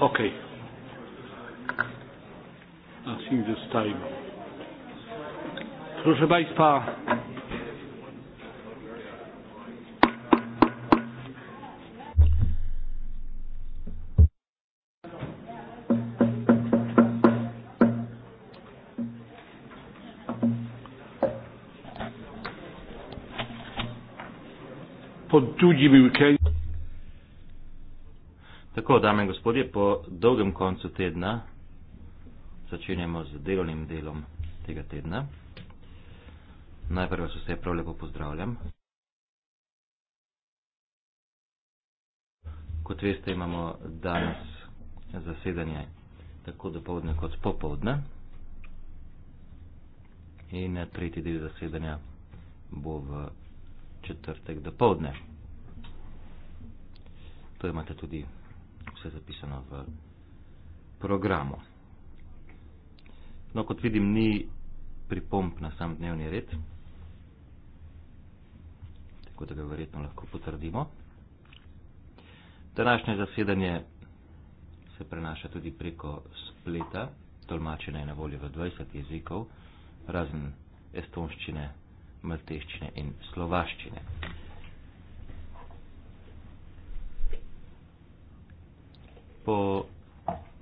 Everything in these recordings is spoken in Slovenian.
Okay. Asking this time. Proszę Państwa, po drugim weekendzie. Tako, dame in gospodje, po dolgem koncu tedna začenjamo z delovnim delom tega tedna. Najprej vas vse prav lepo pozdravljam. Kot veste, imamo danes zasedanje tako dopoledne kot popovdne. In tretji del zasedanja bo v četrtek dopoledne. To imate tudi vse zapisano v programu. No, kot vidim, ni pripomp na sam dnevni red, tako da ga verjetno lahko potrdimo. Današnje zasedanje se prenaša tudi preko spleta, tolmačene je na voljo v 20 jezikov, razen estonščine, malteščine in slovaščine. po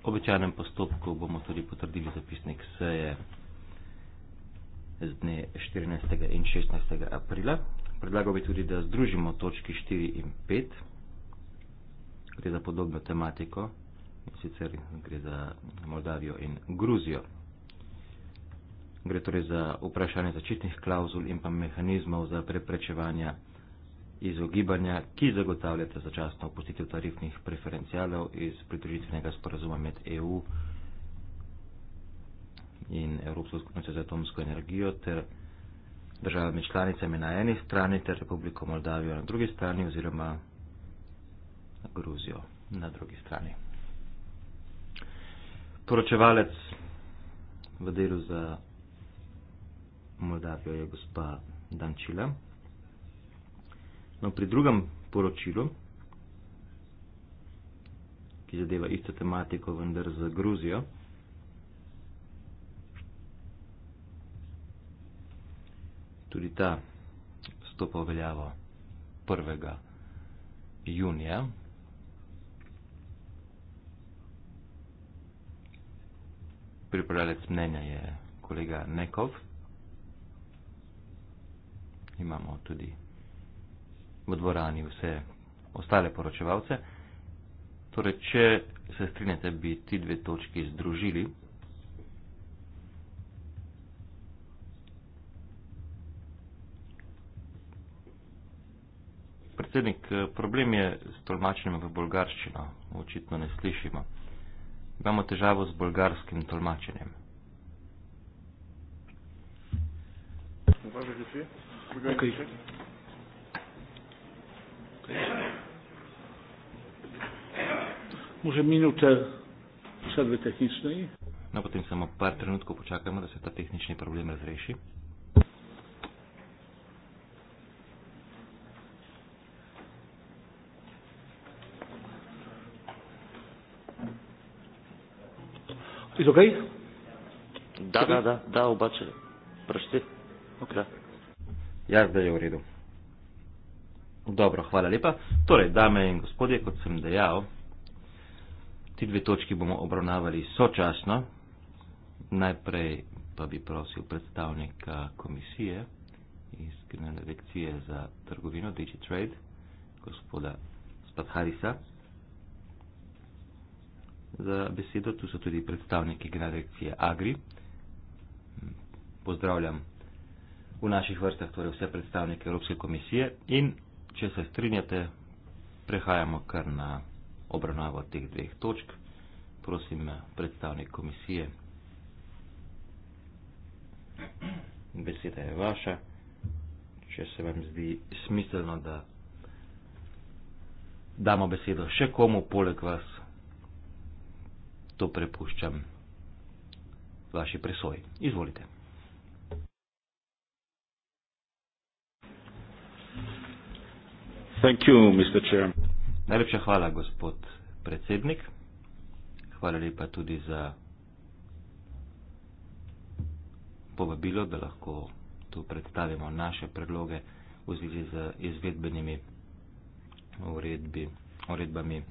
običajnem postopku bomo tudi potrdili zapisnik seje z dne 14. in 16. aprila. Predlagal bi tudi, da združimo točki 4 in 5, gre za podobno tematiko, in sicer gre za Moldavijo in Gruzijo. Gre torej za vprašanje začetnih klauzul in pa mehanizmov za preprečevanje izogibanja, ki zagotavljate začasno opustitev tarifnih preferencijalov iz pridružitvenega sporazuma med EU in Evropsko skupnost za atomsko energijo ter državami članicami na eni strani ter Republiko Moldavijo na drugi strani oziroma Gruzijo na drugi strani. Poročevalec v delu za Moldavijo je gospa Dančila. No, pri drugem poročilu, ki zadeva isto tematiko, vendar za Gruzijo, tudi ta stopa veljavo 1. junija. Pripravljalec mnenja je kolega Nekov. Imamo tudi v dvorani vse ostale poročevalce. Torej, če se strinjate, bi ti dve točki združili. Predsednik, problem je s tolmačenjem v bolgarščino. Očitno ne slišimo. Imamo težavo s bolgarskim tolmačenjem. Okay. Može minute sedve tehnične. No, potem samo par trenutkov počakamo, da se ta tehnični problem razreši. Is okay? Da, da, da, da, obače. Prašti. Okay. Ja, zdaj je v redu. Dobro, hvala lepa. Torej, dame in gospodje, kot sem dejal, ti dve točki bomo obravnavali sočasno. Najprej pa bi prosil predstavnika komisije iz Generalne lekcije za trgovino DigiTrade, gospoda Spadharisa, za besedo. Tu so tudi predstavniki Generalne lekcije Agri. Pozdravljam v naših vrstah torej vse predstavnike Evropske komisije in če se strinjate, prehajamo kar na obravnavo teh dveh točk. Prosim, predstavnik komisije. Beseda je vaša. Če se vam zdi smiselno, da damo besedo še komu poleg vas, to prepuščam vaši presoji. Izvolite. Thank you, Mr. Chairman. Najlepša hvala, gospod predsednik. Hvala lepa tudi za povabilo, da lahko tu predstavimo naše predloge v zvezi z izvedbenimi uredbi, uredbami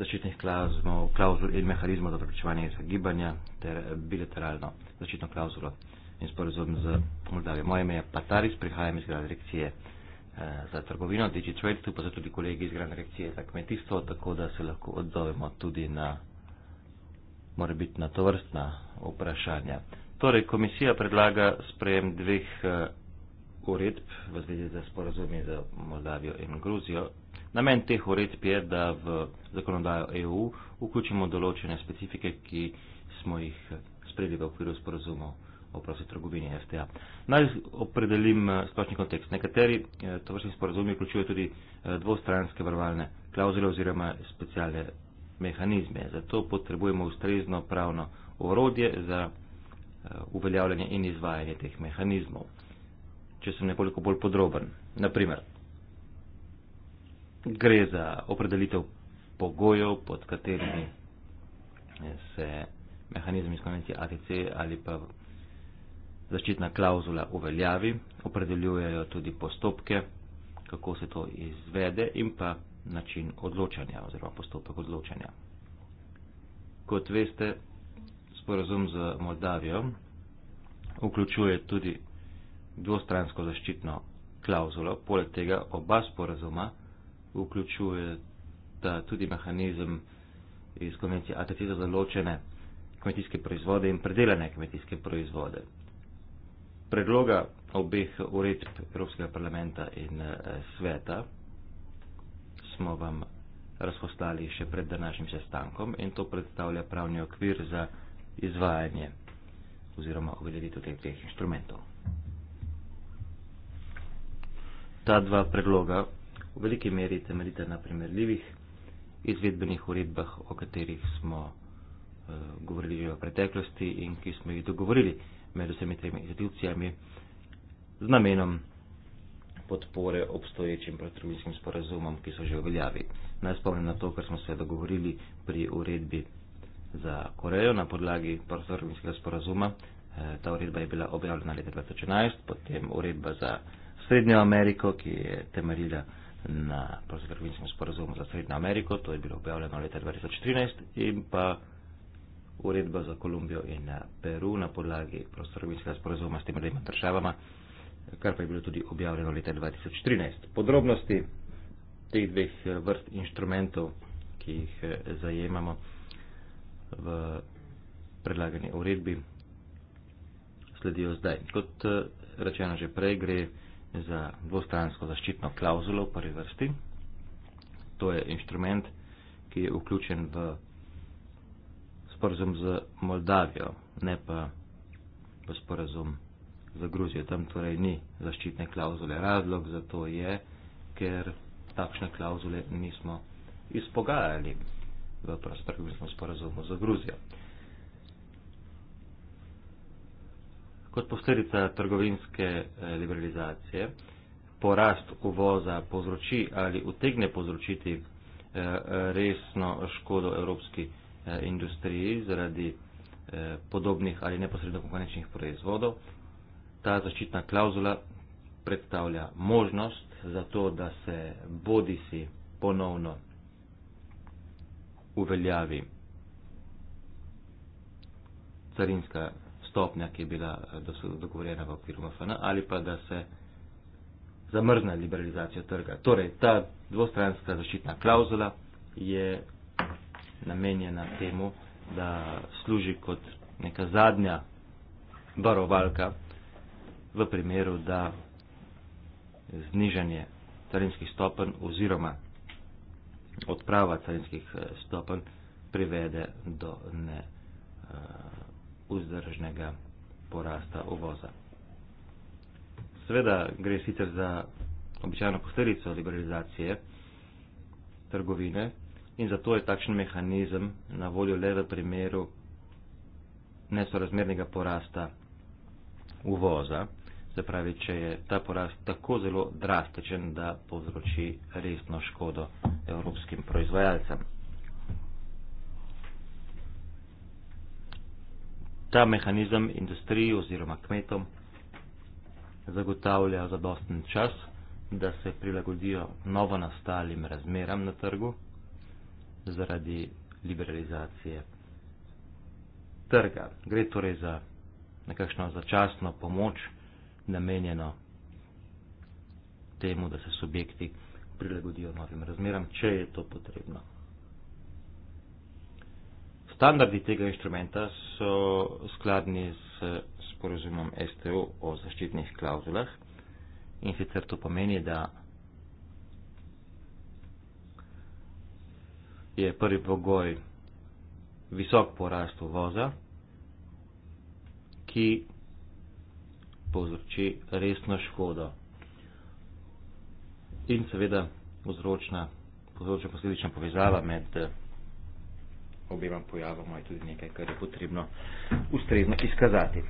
zaščitnih klauzul, klauzul in mehanizmov za preprečevanje izogibanja ter bilateralno zaščitno klauzulo in sporozum z Moldavijo. Moje ime je Pataris, prihajam iz grada direkcije. Eh, za trgovino DigiTrade, tu pa so tudi kolegi iz Gran Rekcije za kmetijstvo, tako da se lahko odzovemo tudi na mora biti na to vrstna vprašanja. Torej, komisija predlaga sprejem dveh eh, uredb v zvezi za sporozumje za Moldavijo in Gruzijo. Namen teh uredb je, da v zakonodajo EU vključimo določene specifike, ki smo jih eh, sprejeli v okviru sporozumov oprosti trgovini FTA. Naj opredelim eh, splošni kontekst. Nekateri eh, to vrstni sporazumi vključujejo tudi eh, dvostranske varovalne klauzule oziroma specialne mehanizme. Zato potrebujemo ustrezno pravno orodje za uveljavljanje in izvajanje teh mehanizmov. Če sem nekoliko bolj podroben, naprimer, gre za opredelitev pogojev, pod katerimi se mehanizem iz konvencije ATC ali pa zaščitna klauzula uveljavi, opredeljujejo tudi postopke, kako se to izvede in pa način odločanja oziroma postopek odločanja. Kot veste, sporozum z Moldavijo vključuje tudi dvostransko zaščitno klauzulo, poleg tega oba sporozuma vključuje tudi mehanizem iz konvencije ATT za določene kmetijske proizvode in predelane kmetijske proizvode predloga obeh uredb Evropskega parlamenta in eh, sveta smo vam razpostali še pred današnjim sestankom in to predstavlja pravni okvir za izvajanje oziroma uveljavitev teh dveh inštrumentov. Ta dva predloga v veliki meri temeljita na primerljivih izvedbenih uredbah, o katerih smo eh, govorili že v preteklosti in ki smo jih dogovorili med vsemi tremi institucijami z namenom podpore obstoječim protrubinskim sporazumom, ki so že v veljavi. Naj spomnim na to, kar smo se dogovorili pri uredbi za Korejo na podlagi protrubinskega sporazuma. Eh, ta uredba je bila objavljena leta 2011, potem uredba za Srednjo Ameriko, ki je temeljila na protrubinskem sporazumu za Srednjo Ameriko, to je bilo objavljeno leta 2013 in pa uredba za Kolumbijo in eh, Peru na podlagi prostorovinskega sporazuma s temi dvema državama, kar pa je bilo tudi objavljeno leta 2013. Podrobnosti teh dveh eh, vrst inštrumentov, ki jih eh, zajemamo v predlagani uredbi, sledijo zdaj. Kot rečeno že prej, gre za dvostransko zaščitno klauzulo v prvi vrsti. To je inštrument, ki je vključen v sporazum z Moldavijo, ne pa v sporazum za Gruzijo. Tam torej ni zaščitne klauzule. Razlog za to je, ker takšne klauzule nismo izpogajali v prostorkovnem sporazumu za Gruzijo. Kot posledica trgovinske eh, liberalizacije, porast uvoza povzroči ali utegne povzročiti eh, resno škodo evropskih Eh, industriji zaradi eh, podobnih ali neposredno konkurenčnih proizvodov. Ta zaščitna klauzula predstavlja možnost za to, da se bodi si ponovno uveljavi carinska stopnja, ki je bila eh, dogovorjena v okviru MFN, ali pa da se zamrzne liberalizacija trga. Torej, ta dvostranska zaščitna klauzula je namenjena temu, da služi kot neka zadnja barovalka v primeru, da znižanje carinskih stopenj oziroma odprava carinskih eh, stopenj privede do neuzdržnega eh, porasta uvoza. Seveda gre sicer za običajno posledico liberalizacije trgovine, in zato je takšen mehanizem na voljo le v primeru nesorazmernega porasta uvoza, se pravi, če je ta porast tako zelo drastičen, da povzroči resno škodo evropskim proizvajalcem. Ta mehanizem industriji oziroma kmetom zagotavlja zadosten čas, da se prilagodijo novo nastalim razmeram na trgu zaradi liberalizacije trga. Gre torej za nekakšno začasno pomoč, namenjeno temu, da se subjekti prilagodijo novim razmeram, če je to potrebno. Standardi tega inštrumenta so skladni s sporozumom STO o zaščitnih klauzulah in sicer to pomeni, da je prvi pogoj visok porast uvoza, ki povzroči resno škodo in seveda povzročna, povzročna posledična povezava med eh, obema pojavoma je tudi nekaj, kar je potrebno ustrezno izkazati.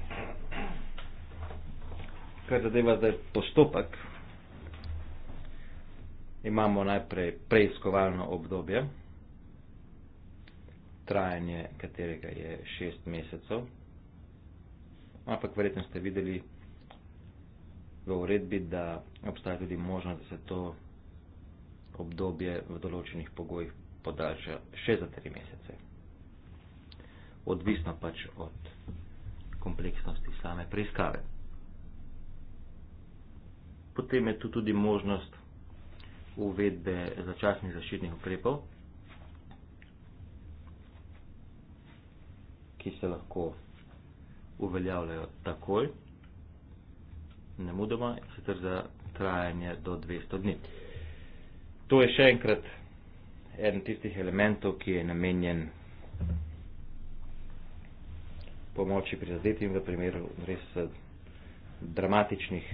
Kar zadeva zdaj postopek, imamo najprej preiskovalno obdobje trajanje katerega je 6 mesecev. Ampak verjetno ste videli v uredbi, da obstaja tudi možnost, da se to obdobje v določenih pogojih podaljša še za 3 mesece. Odvisno pač od kompleksnosti same preiskave. Potem je tu tudi možnost uvedbe začasnih zaščitnih ukrepov. ki se lahko uveljavljajo takoj, ne mudoma, sicer za trajanje do 200 dni. To je še enkrat en tistih elementov, ki je namenjen pomoči prizadetim v primeru res eh, dramatičnih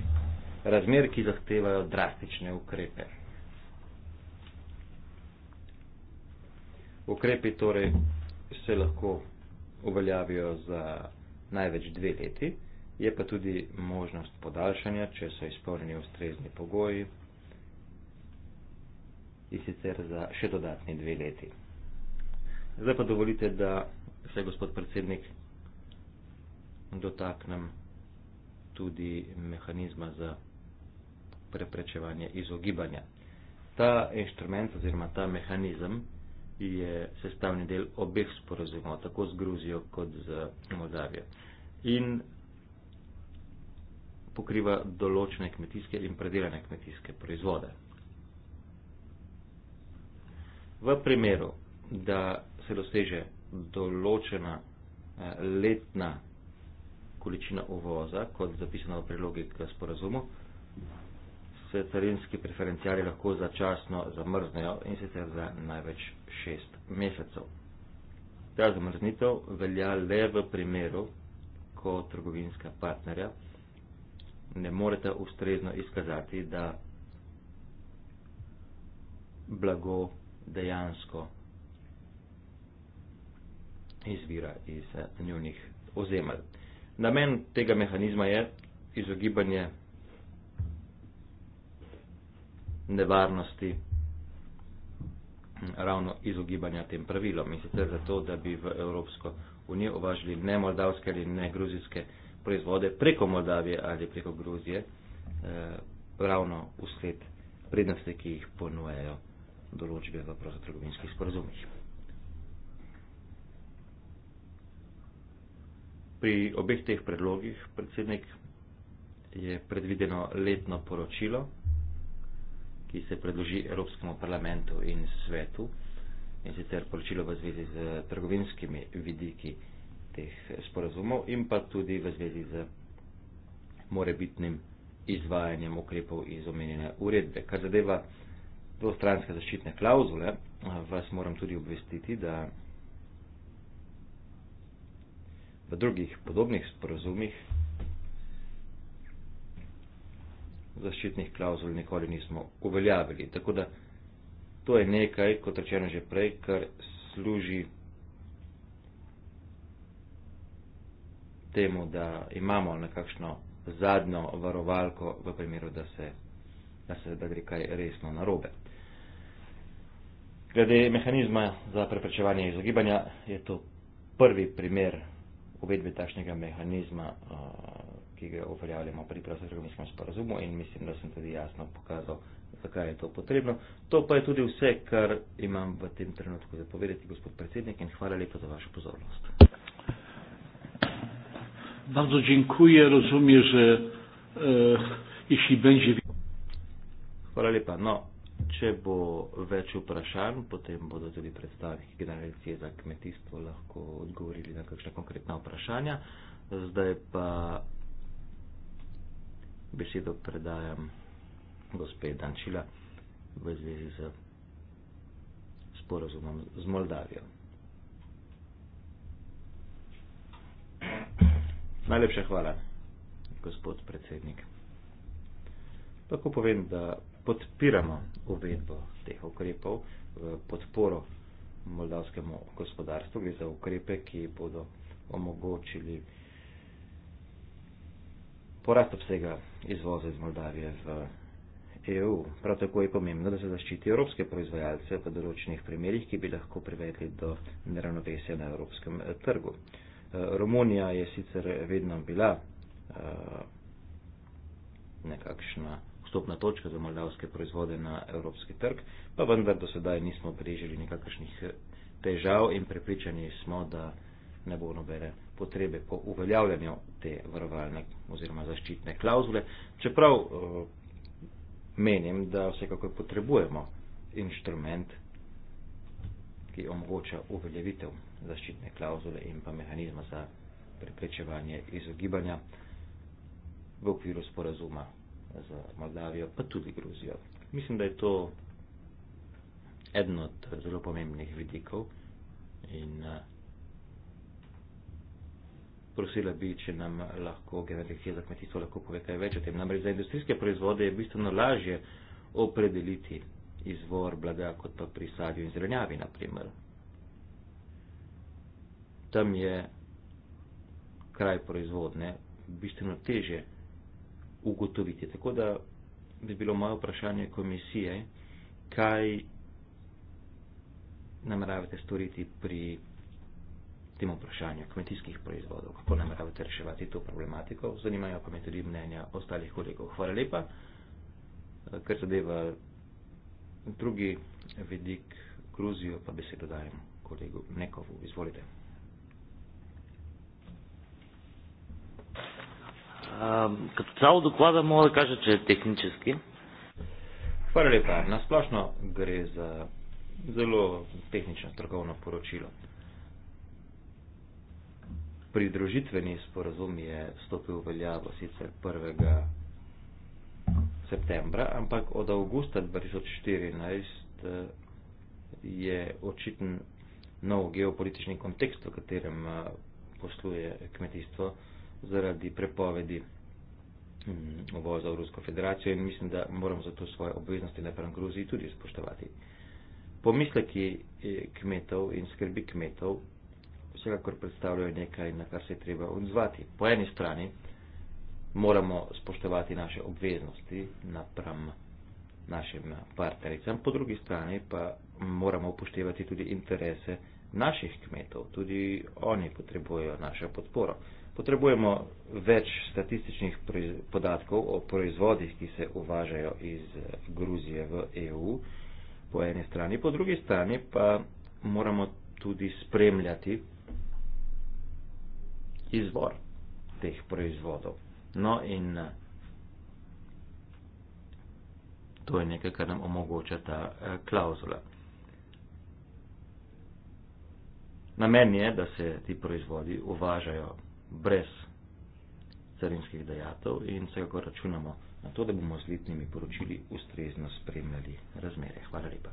razmer, ki zahtevajo drastične ukrepe. Ukrepi torej se lahko uveljavijo za največ dve leti, je pa tudi možnost podaljšanja, če so izpolnjeni ustrezni pogoji in sicer za še dodatni dve leti. Zdaj pa dovolite, da se gospod predsednik dotaknem tudi mehanizma za preprečevanje izogibanja. Ta inštrument oziroma ta mehanizem je sestavni del obeh sporozumov, tako z Gruzijo kot z Moldavijo. In pokriva določene kmetijske in predelane kmetijske proizvode. V primeru, da se doseže določena eh, letna količina uvoza, kot zapisano v prilogi k sporazumu, se carinski preferencijali lahko začasno zamrznejo in sicer za največ šest mesecev. Ta zamrznitev velja le v primeru, ko trgovinska partnerja ne morete ustrezno izkazati, da blago dejansko izvira iz eh, njunih ozemelj. Namen tega mehanizma je izogibanje nevarnosti ravno izogibanja tem pravilom. In sicer zato, da bi v Evropsko unijo uvažili ne moldavske ali ne gruzijske proizvode preko Moldavije ali preko Gruzije, eh, ravno usled prednosti, ki jih ponujejo določbe v prostotrgovinskih sporazumih. Pri obeh teh predlogih predsednik je predvideno letno poročilo ki se predloži Evropskemu parlamentu in svetu, in sicer poročilo v zvezi z trgovinskimi vidiki teh sporazumov in pa tudi v zvezi z morebitnim izvajanjem ukrepov iz omenjene uredbe. Kar zadeva dvostranske zaščitne klauzule, vas moram tudi obvestiti, da v drugih podobnih sporazumih zaščitnih klauzul nikoli nismo uveljavili. Tako da to je nekaj, kot rečeno že prej, kar služi temu, da imamo nekakšno zadnjo varovalko v primeru, da se, da se da gre kaj resno narobe. Glede mehanizma za preprečevanje izogibanja je to prvi primer uvedbe takšnega mehanizma. Uh, ki ga uveljavljamo pri prostorskem sporazumu in mislim, da sem tudi jasno pokazal, zakaj je to potrebno. To pa je tudi vse, kar imam v tem trenutku za povedati, gospod predsednik, in hvala lepa za vašo pozornost. Bardzo dziękuję, rozumiem, że e, jeśli będzie. Hvala lepa. No, če bo več vprašanj, potem bodo tudi predstavniki generacije za kmetijstvo lahko odgovorili na kakšna konkretna vprašanja. Zdaj pa besedo predajam gospe Dančila v zvezi z sporozumom z Moldavijo. Najlepša hvala, gospod predsednik. Lahko povem, da podpiramo uvedbo teh ukrepov v podporo moldavskemu gospodarstvu, gre za ukrepe, ki bodo omogočili porast obsega izvoza iz Moldavije v EU. Prav tako je pomembno, da se zaščiti evropske proizvajalce v določenih primerjih, ki bi lahko privedli do neravnovesja na evropskem eh, trgu. Eh, Romunija je sicer vedno bila eh, nekakšna vstopna točka za moldavske proizvode na evropski trg, pa vendar do sedaj nismo beležili nekakšnih težav in prepričani smo, da ne bo nobene potrebe po uveljavljanju te varovalne oziroma zaščitne klauzule, čeprav eh, menim, da vsekako potrebujemo inštrument, ki omogoča uveljavitev zaščitne klauzule in pa mehanizma za preprečevanje izogibanja v okviru sporazuma z Moldavijo, pa tudi Gruzijo. Mislim, da je to eden od zelo pomembnih vidikov in uh, prosila bi, če nam lahko generalizacija za kmetijstvo lahko pove kaj več o tem. Namreč za industrijske proizvode je bistveno lažje opredeliti izvor blaga kot pa pri sadju in zelenjavi, naprimer. Tam je kraj proizvodne bistveno teže ugotoviti. Tako da bi bilo moje vprašanje komisije, kaj nameravate storiti pri tem vprašanju kmetijskih proizvodov, kako nameravate reševati to problematiko. Zanimajo pa me tudi mnenja ostalih kolegov. Hvala lepa, ker zadeva drugi vidik Gruzijo, pa besedo dajem kolegu Nekovu. Izvolite. Um, kot celo doklada mora da kaže, če je tehnički. Hvala lepa. Na splošno gre za zelo tehnično strokovno poročilo pridružitveni sporazum je stopil v veljavo sicer 1. septembra, ampak od avgusta 2014 eh, je očiten nov geopolitični kontekst, v katerem eh, posluje kmetijstvo zaradi prepovedi mm, uvoza v Rusko federacijo in mislim, da moram zato svoje obveznosti naprem Gruziji tudi spoštovati. Pomisleki eh, kmetov in skrbi kmetov vsekakor predstavljajo nekaj, na kar se je treba odzvati. Po eni strani moramo spoštovati naše obveznosti napram našim partnericam, po drugi strani pa moramo upoštevati tudi interese naših kmetov, tudi oni potrebujejo našo podporo. Potrebujemo več statističnih podatkov o proizvodih, ki se uvažajo iz eh, Gruzije v EU, po eni strani, po drugi strani pa moramo tudi spremljati izvor teh proizvodov. No in eh, to je nekaj, kar nam omogoča ta eh, klauzula. Namen je, da se ti proizvodi uvažajo brez carinskih dejatov in vsekako računamo na to, da bomo z letnimi poročili ustrezno spremljali razmere. Hvala lepa.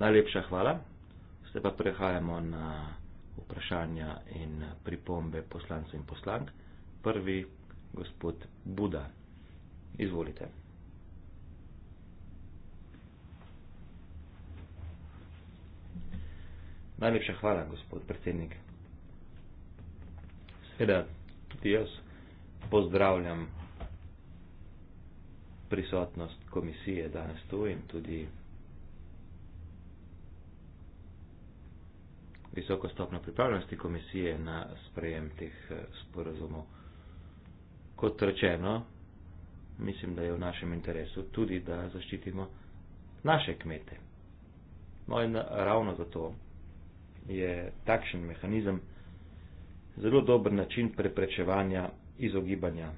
Najlepša hvala. Zdaj pa prehajamo na vprašanja in pripombe poslancev in poslank. Prvi, gospod Buda. Izvolite. Najlepša hvala, gospod predsednik. Seveda, tudi jaz pozdravljam prisotnost komisije danes tu in tudi visoko stopno pripravljenosti komisije na sprejem teh eh, sporozumov. Kot rečeno, mislim, da je v našem interesu tudi, da zaščitimo naše kmete. No in ravno zato je takšen mehanizem zelo dober način preprečevanja izogibanja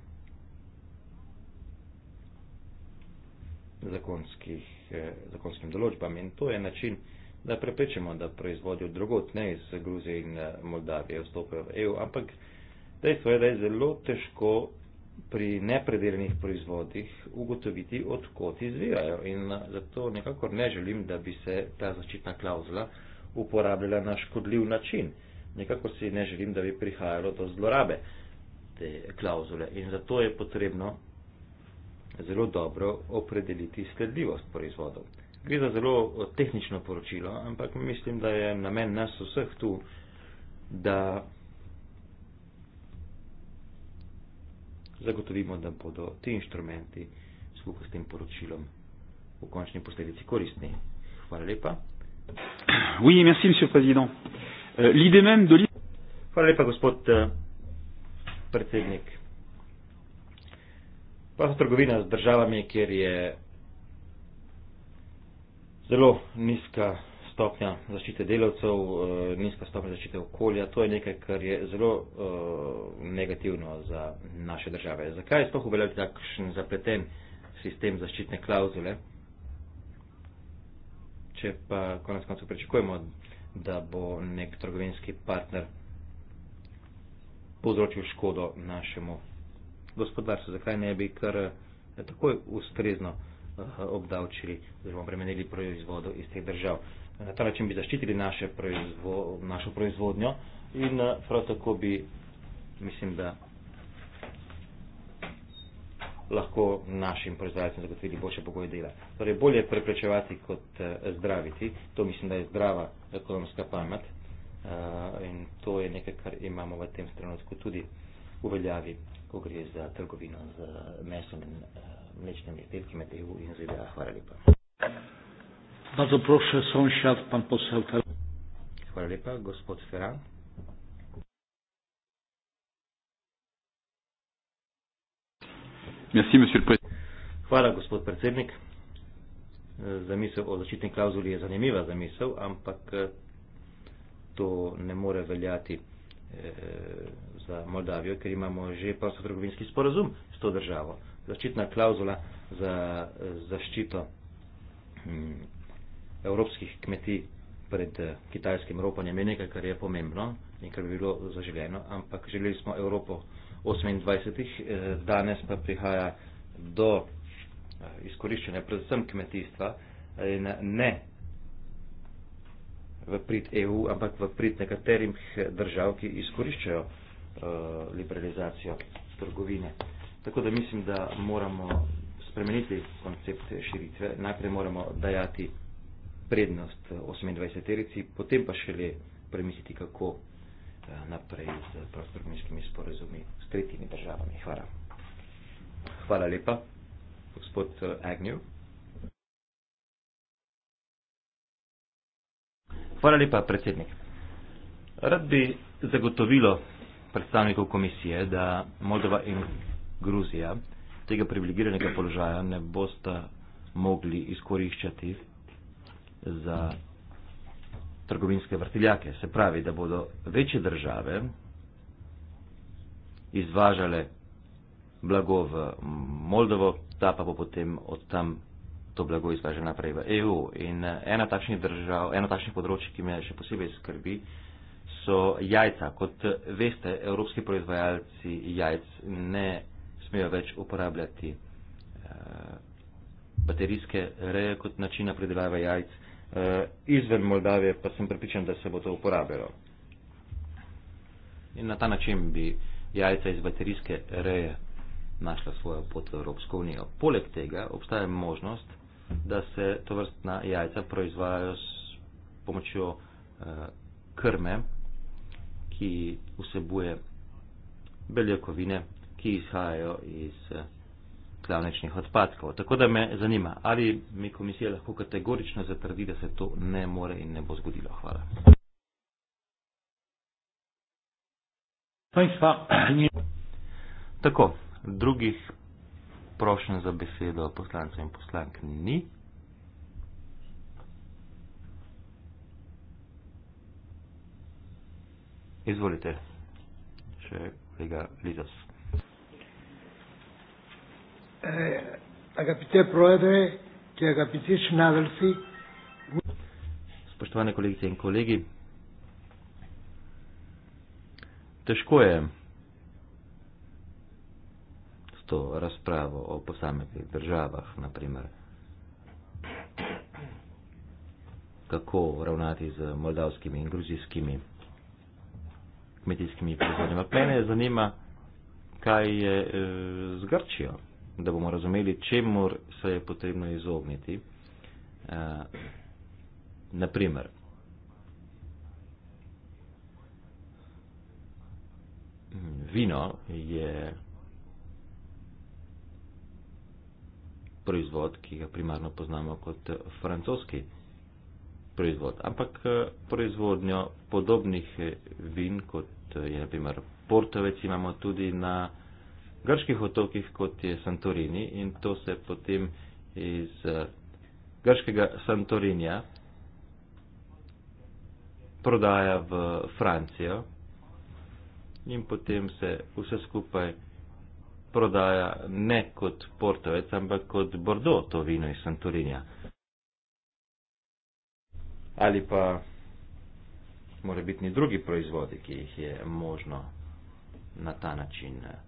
zakonskih, eh, zakonskim določbam in to je način, da prepričamo, da proizvodijo drugotne iz Gruzije in eh, Moldavije vstopajo v EU, ampak dejstvo je, da je zelo težko pri nepredeljenih proizvodih ugotoviti, odkot izvirajo. In eh, zato nekako ne želim, da bi se ta zaščitna klauzula uporabljala na škodljiv način. Nekako si ne želim, da bi prihajalo do zlorabe te klauzule. In zato je potrebno zelo dobro opredeliti sledljivost proizvodov. Gre za zelo eh, tehnično poročilo, ampak mislim, da je namen nas vseh tu, da zagotovimo, da bodo ti inštrumenti skupaj s tem poročilom v končni posledici koristni. Hvala lepa. Oui, merci, monsieur président. Euh, l'idée même de Hvala lepa, gospod eh, predsednik. Pa trgovina z državami, kjer je zelo nizka stopnja zaščite delavcev, eh, nizka stopnja zaščite okolja. To je nekaj, kar je zelo uh, negativno za naše države. Zakaj je sploh uveljavljen takšen zapleten sistem zaščitne klauzule? Če pa konec koncev pričakujemo, da bo nek trgovinski partner povzročil škodo našemu gospodarstvu, zakaj ne bi kar eh, takoj ustrezno. Eh, obdavčili oziroma bremenili proizvodov iz teh držav. Na ta način bi zaščitili naše proizvo, našo proizvodnjo in eh, prav tako bi, mislim, da lahko našim proizvajalcem zagotovili boljše pogoje dela. Torej, bolje preprečevati kot eh, zdraviti, to mislim, da je zdrava ekonomska pamet in to je nekaj, kar imamo v tem trenutku tudi uveljavi ko gre za trgovino z mesom in eh, mlečnimi izdelki med EU in ZDA. Hvala lepa. Hvala lepa, gospod Ferran. Hvala, gospod predsednik. Zamisel o začitni klauzuli je zanimiva zamisel, ampak eh, to ne more veljati. Eh, za Moldavijo, ker imamo že prostotrgovinski sporazum s to državo. Zaščitna klauzula za eh, zaščito mm, evropskih kmetij pred eh, kitajskim ropanjem je nekaj, kar je pomembno in kar bi bilo zaželeno, ampak želeli smo Evropo 28. Danes pa prihaja do izkoriščenja predvsem kmetijstva in ne v prid EU, ampak v prid nekaterim eh, držav, ki izkoriščajo eh, liberalizacijo trgovine. Tako da mislim, da moramo spremeniti koncept širitve. Najprej moramo dajati prednost 28-terici, eh, potem pa šele premisliti, kako naprej z prostorkomiskimi sporozumi s tretjimi državami. Hvala. Hvala lepa, gospod Agnew. Hvala lepa, predsednik. Rad bi zagotovilo predstavnikov komisije, da Moldova in Gruzija tega privilegiranega položaja ne bosta mogli izkoriščati za trgovinske vrtiljake. Se pravi, da bodo večje države izvažale blago v Moldovo, ta pa bo potem od tam to blago izvaže naprej v EU. In eh, ena takšnih držav, ena takšnih področji, ki me še posebej skrbi, so jajca. Kot eh, veste, evropski proizvajalci jajc ne smejo več uporabljati eh, baterijske reje kot načina predelave jajc. Eh, izven Moldavije pa sem pripričan, da se bo to uporabljalo. In na ta način bi jajca iz baterijske reje našla svojo pot v Evropsko unijo. Poleg tega obstaja možnost, da se to vrstna jajca proizvajajo s pomočjo eh, krme, ki vsebuje beljakovine, ki izhajajo iz eh, klavničnih odpadkov. Tako da me zanima, ali mi komisija lahko kategorično zatrdi, da se to ne more in ne bo zgodilo. Hvala. Tako, drugih prošen za besedo poslancev in poslank ni. Izvolite, še kolega Lidos. Eh, agapite proedre, ki agapite šnavelsi. Spoštovane kolegice in kolegi, težko je to razpravo o posameznih državah, naprimer. Kako ravnati z moldavskimi in gruzijskimi kmetijskimi proizvodnjami. Mene zanima, kaj je e, z Grčijo, da bomo razumeli, čemu se je potrebno izogniti. E, eh, naprimer, vino je proizvod, ki ga primarno poznamo kot eh, francoski proizvod. Ampak eh, proizvodnjo podobnih eh, vin, kot je naprimer Portovec, imamo tudi na grških otokih, kot je Santorini in to se potem iz grškega Santorinja prodaja v Francijo in potem se vse skupaj prodaja ne kot portovec, ampak kot bordo to vino iz Santorinja. Ali pa more biti drugi proizvodi, ki jih je možno na ta način eh,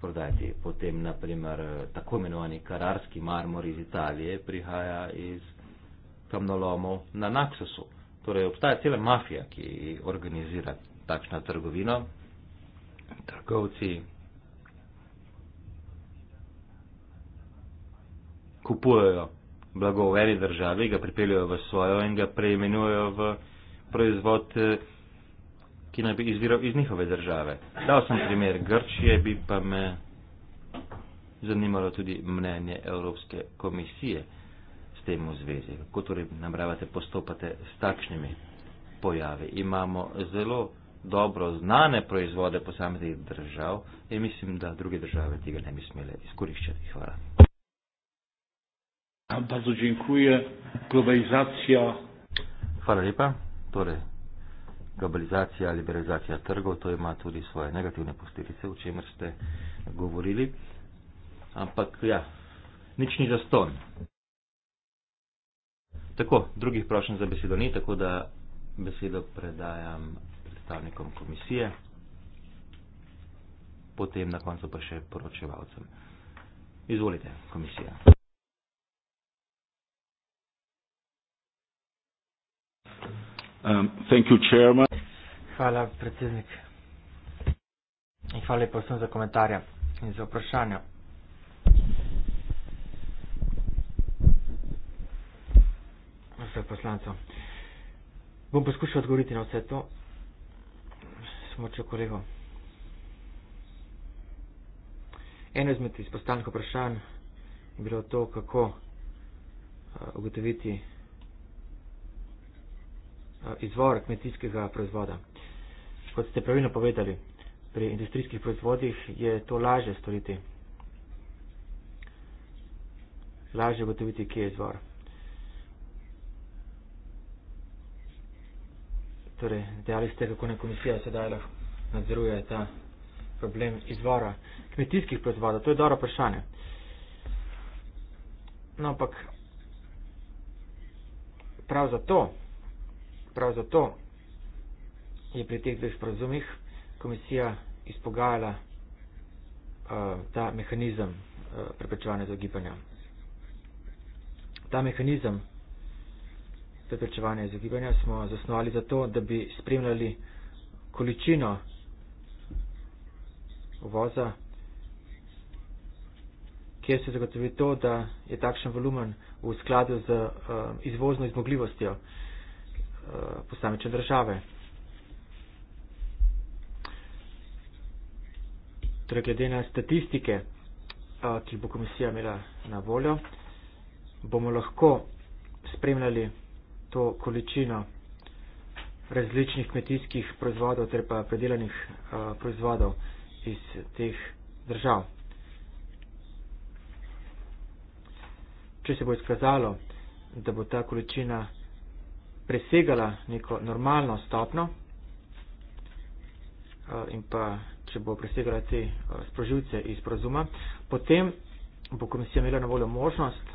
prodajati. Potem, naprimer, eh, tako imenovani kararski marmor iz Italije prihaja iz kamnolomov na Naksosu. Torej, obstaja cela mafija, ki organizira takšno trgovino. Trgovci, kupujejo blago v eni državi, ga pripeljajo v svojo in ga preimenujejo v proizvod, eh, ki naj bi izviral iz njihove države. Dal sem primer Grčije, bi pa me zanimalo tudi mnenje Evropske komisije s tem v zvezi. Kako torej namravate postopati s takšnimi pojavi? Imamo zelo dobro znane proizvode posameznih držav in mislim, da druge države tega ne bi smele izkoriščati. Hvala. Bardzo dziękuję. Globalizacja. Hvala lepa. Torej, globalizacija, liberalizacija trgov, to ima tudi svoje negativne posledice, o čemer ste govorili. Ampak ja, nič ni zaston. Tako, drugih prošenj za besedo ni, tako da besedo predajam predstavnikom komisije, potem na koncu pa še poročevalcem. Izvolite, komisija. Um, hvala, predsednik. In hvala lepo vsem za komentarje in za vprašanja. Vse poslanco. Bom poskušal odgovoriti na vse to. Smo če kolego. Eno izmed izpostavljenih vprašanj je bilo to, kako uh, ugotoviti, Eh, izvor kmetijskega proizvoda. Kot ste pravilno povedali, pri industrijskih proizvodih je to lažje storiti. Lažje gotoviti, kje je izvor. Torej, dejali ste, kako ne komisija sedaj lahko nadzoruje ta problem izvora kmetijskih proizvodov. To je dobro vprašanje. No, ampak prav zato Prav zato je pri teh dveh sporazumih komisija izpogajala uh, ta mehanizem uh, preprečevanja izogibanja. Ta mehanizem preprečevanja izogibanja smo zasnovali zato, da bi spremljali količino uvoza, kjer se zagotovi to, da je takšen volumen v skladu z uh, izvozno izmogljivostjo. Uh, Eh, posamečne države. Torej, glede na statistike, eh, ki bo komisija imela na voljo, bomo lahko spremljali to količino različnih kmetijskih proizvodov ter pa predelanih eh, proizvodov iz teh držav. Če se bo izkazalo, da bo ta količina presegala neko normalno stopno eh, in pa če bo presegala te eh, sprožilce iz prozuma, potem bo komisija imela na voljo možnost,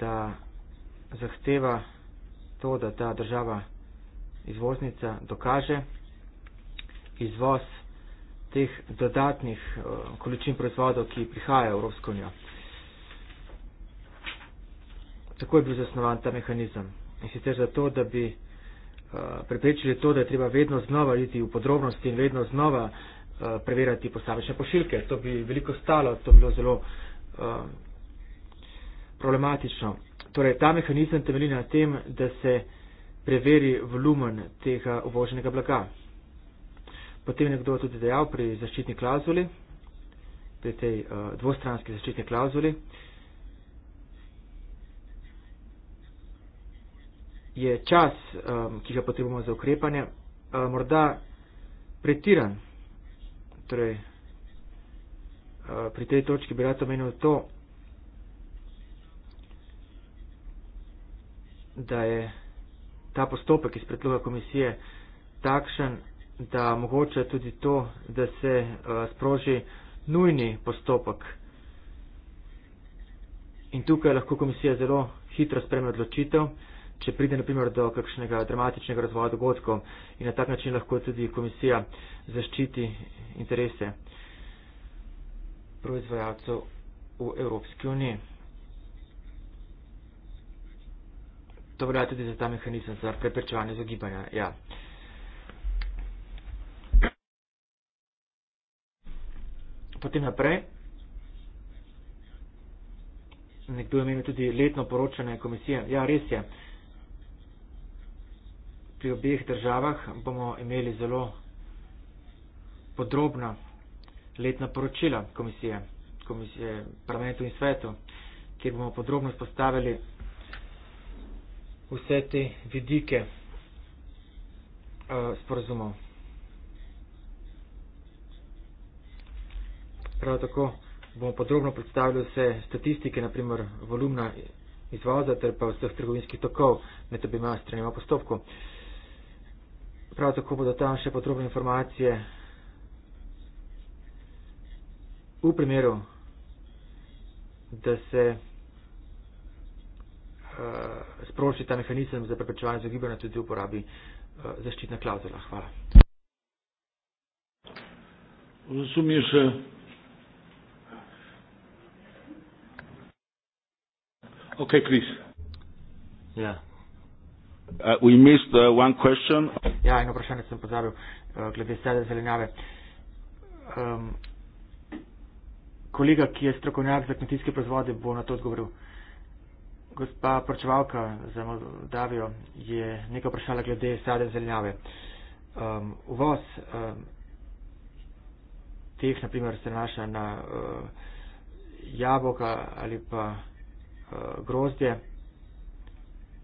da zahteva to, da ta država izvoznica dokaže izvoz teh dodatnih eh, količin proizvodov, ki prihajajo v Evropsko unijo. Tako je bil zasnovan ta mehanizem in sicer zato, da bi uh, preprečili to, da je treba vedno znova iti v podrobnosti in vedno znova uh, preverjati posamečne pošiljke. To bi veliko stalo, to bi bilo zelo uh, problematično. Torej, ta mehanizem temelji na tem, da se preveri volumen tega uvoženega blaga. Potem je nekdo tudi dejal pri zaščitni klauzuli, pri tej uh, dvostranski zaščitni klauzuli, uh, je čas, um, ki ga potrebujemo za ukrepanje, uh, morda pretiran. Torej, uh, pri tej točki bi rad omenil to, da je ta postopek iz predloga komisije takšen, da mogoče tudi to, da se uh, sproži nujni postopek. In tukaj lahko komisija zelo hitro spreme odločitev če pride naprimer do kakšnega dramatičnega razvoja dogodkov in na tak način lahko tudi komisija zaščiti interese proizvajalcev v Evropski uniji. To velja tudi za ta mehanizem za preprečevanje zagibanja. Ja. Potem naprej. Nekdo je imel tudi letno poročanje komisije. Ja, res je pri obeh državah bomo imeli zelo podrobna letna poročila komisije, komisije parlamentu in svetu, kjer bomo podrobno spostavili vse te vidike uh, eh, sporozumov. Prav tako bomo podrobno predstavili vse statistike, naprimer volumna izvoza ter pa vseh trgovinskih tokov med obima stranima postopkov. Uh, prav tako bodo tam še podrobne informacije v primeru, da se uh, sproši ta mehanizem za preprečevanje zagibanja tudi v uporabi uh, zaščitna klauzula. Hvala. Razumijo se. Ok, Kris. Ja. Yeah. Uh, we missed uh, one question. Ja, eno vprašanje sem pozabil, uh, glede sede zelenjave. Um, kolega, ki je strokovnjak za kmetijske proizvode, bo na to odgovoril. Gospa Pročevalka za Moldavijo je nekaj vprašala glede sade zelenjave. Um, uvoz um, teh, naprimer, se nanaša na uh, jabolka ali pa uh, grozdje.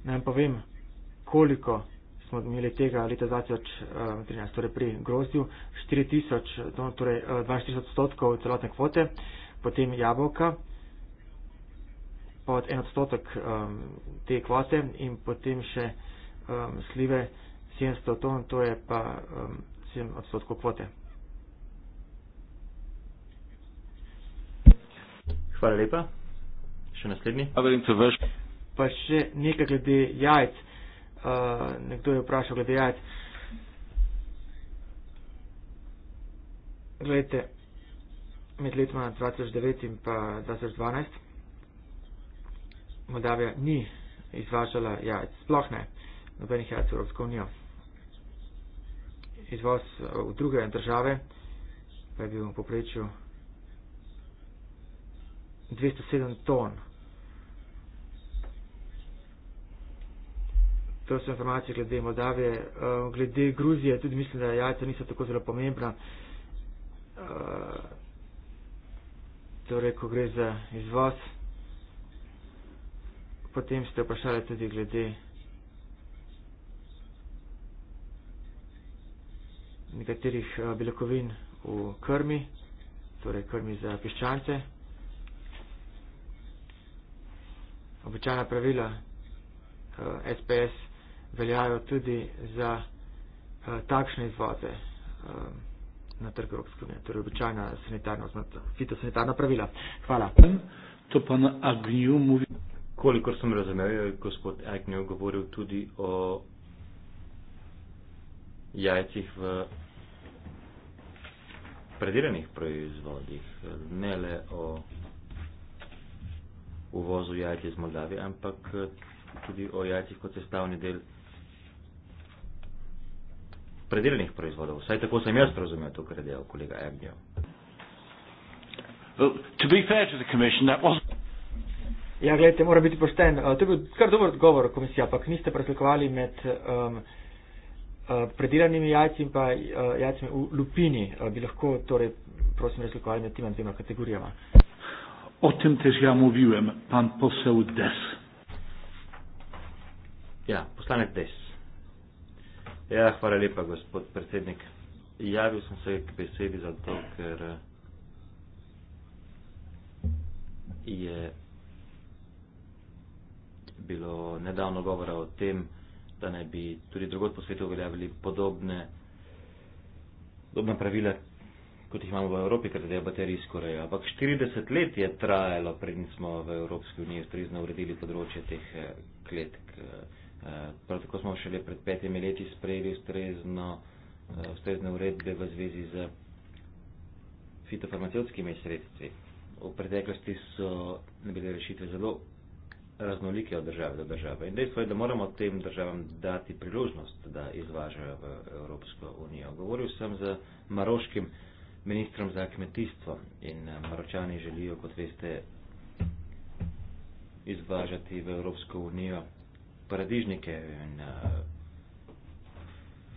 Naj vam povem, koliko smo imeli tega leta 2013, torej pri grozdju, 4000, no, torej 42 eh, odstotkov celotne kvote, potem jabolka, pa od en odstotek um, te kvote in potem še um, slive 700 ton, to je pa um, 7 odstotkov kvote. Hvala lepa. Še naslednji. Pa še nekaj glede jajc nekdo je vprašal glede jajc. Glejte, med letoma 2009 in pa 2012 Moldavija ni izvažala jajc, sploh ne, nobenih jajc v Evropsko unijo. Izvoz eh, v druge države pa je bil v poprečju 207 ton To so informacije glede Moldavije. Uh, glede Gruzije, tudi mislim, da jajca niso tako zelo pomembna. Uh, torej, ko gre za izvoz, potem ste vprašali tudi glede nekaterih uh, beljakovin v krmi, torej krmi za piščance. Običajna pravila uh, SPS veljajo tudi za uh, takšne izvoze uh, na trg Evropske unije, torej običajna fitosanitarna pravila. Hvala. To pa na Agnju mluvi. Kolikor sem razumel, je gospod Agnju govoril tudi o jajcih v prediranih proizvodih, ne le o uvozu jajc iz Moldavije, ampak eh, tudi o jajcih kot sestavni del predelnih proizvodov. Vsaj tako sem jaz razumel to, kar je delal kolega Ebnjo. Ja, gledajte, mora biti pošten. Eh, to je bil kar dober odgovor komisije, ampak niste preslikovali med um, predelanimi jajci in pa eh, jajcami v lupini. Bi lahko torej, prosim, razlikovali med tema dvema kategorijama. O tem tež ja mluvim, pan posel Des. Ja, poslanec Des. Ja, hvala lepa, gospod predsednik. Javil sem se k besedi zato, ker je bilo nedavno govora o tem, da naj bi tudi drugod po svetu uveljavili podobne, podobne pravila, kot jih imamo v Evropi, ker zadeva baterije skorajo. Ampak 40 let je trajalo, predn smo v Evropski uniji ustrezno uredili področje teh eh, kletk. Eh, Eh, prav tako smo šele pred petimi leti sprejeli ustrezno, eh, ustrezne uredbe v zvezi z fitofarmacevskimi sredstvi. V preteklosti so bile rešitve zelo raznolike od države do države. In dejstvo je, da moramo tem državam dati priložnost, da izvažajo v Evropsko unijo. Govoril sem z maroškim ministrom za kmetijstvo in eh, maročani želijo, kot veste, izvažati v Evropsko unijo paradižnike in uh,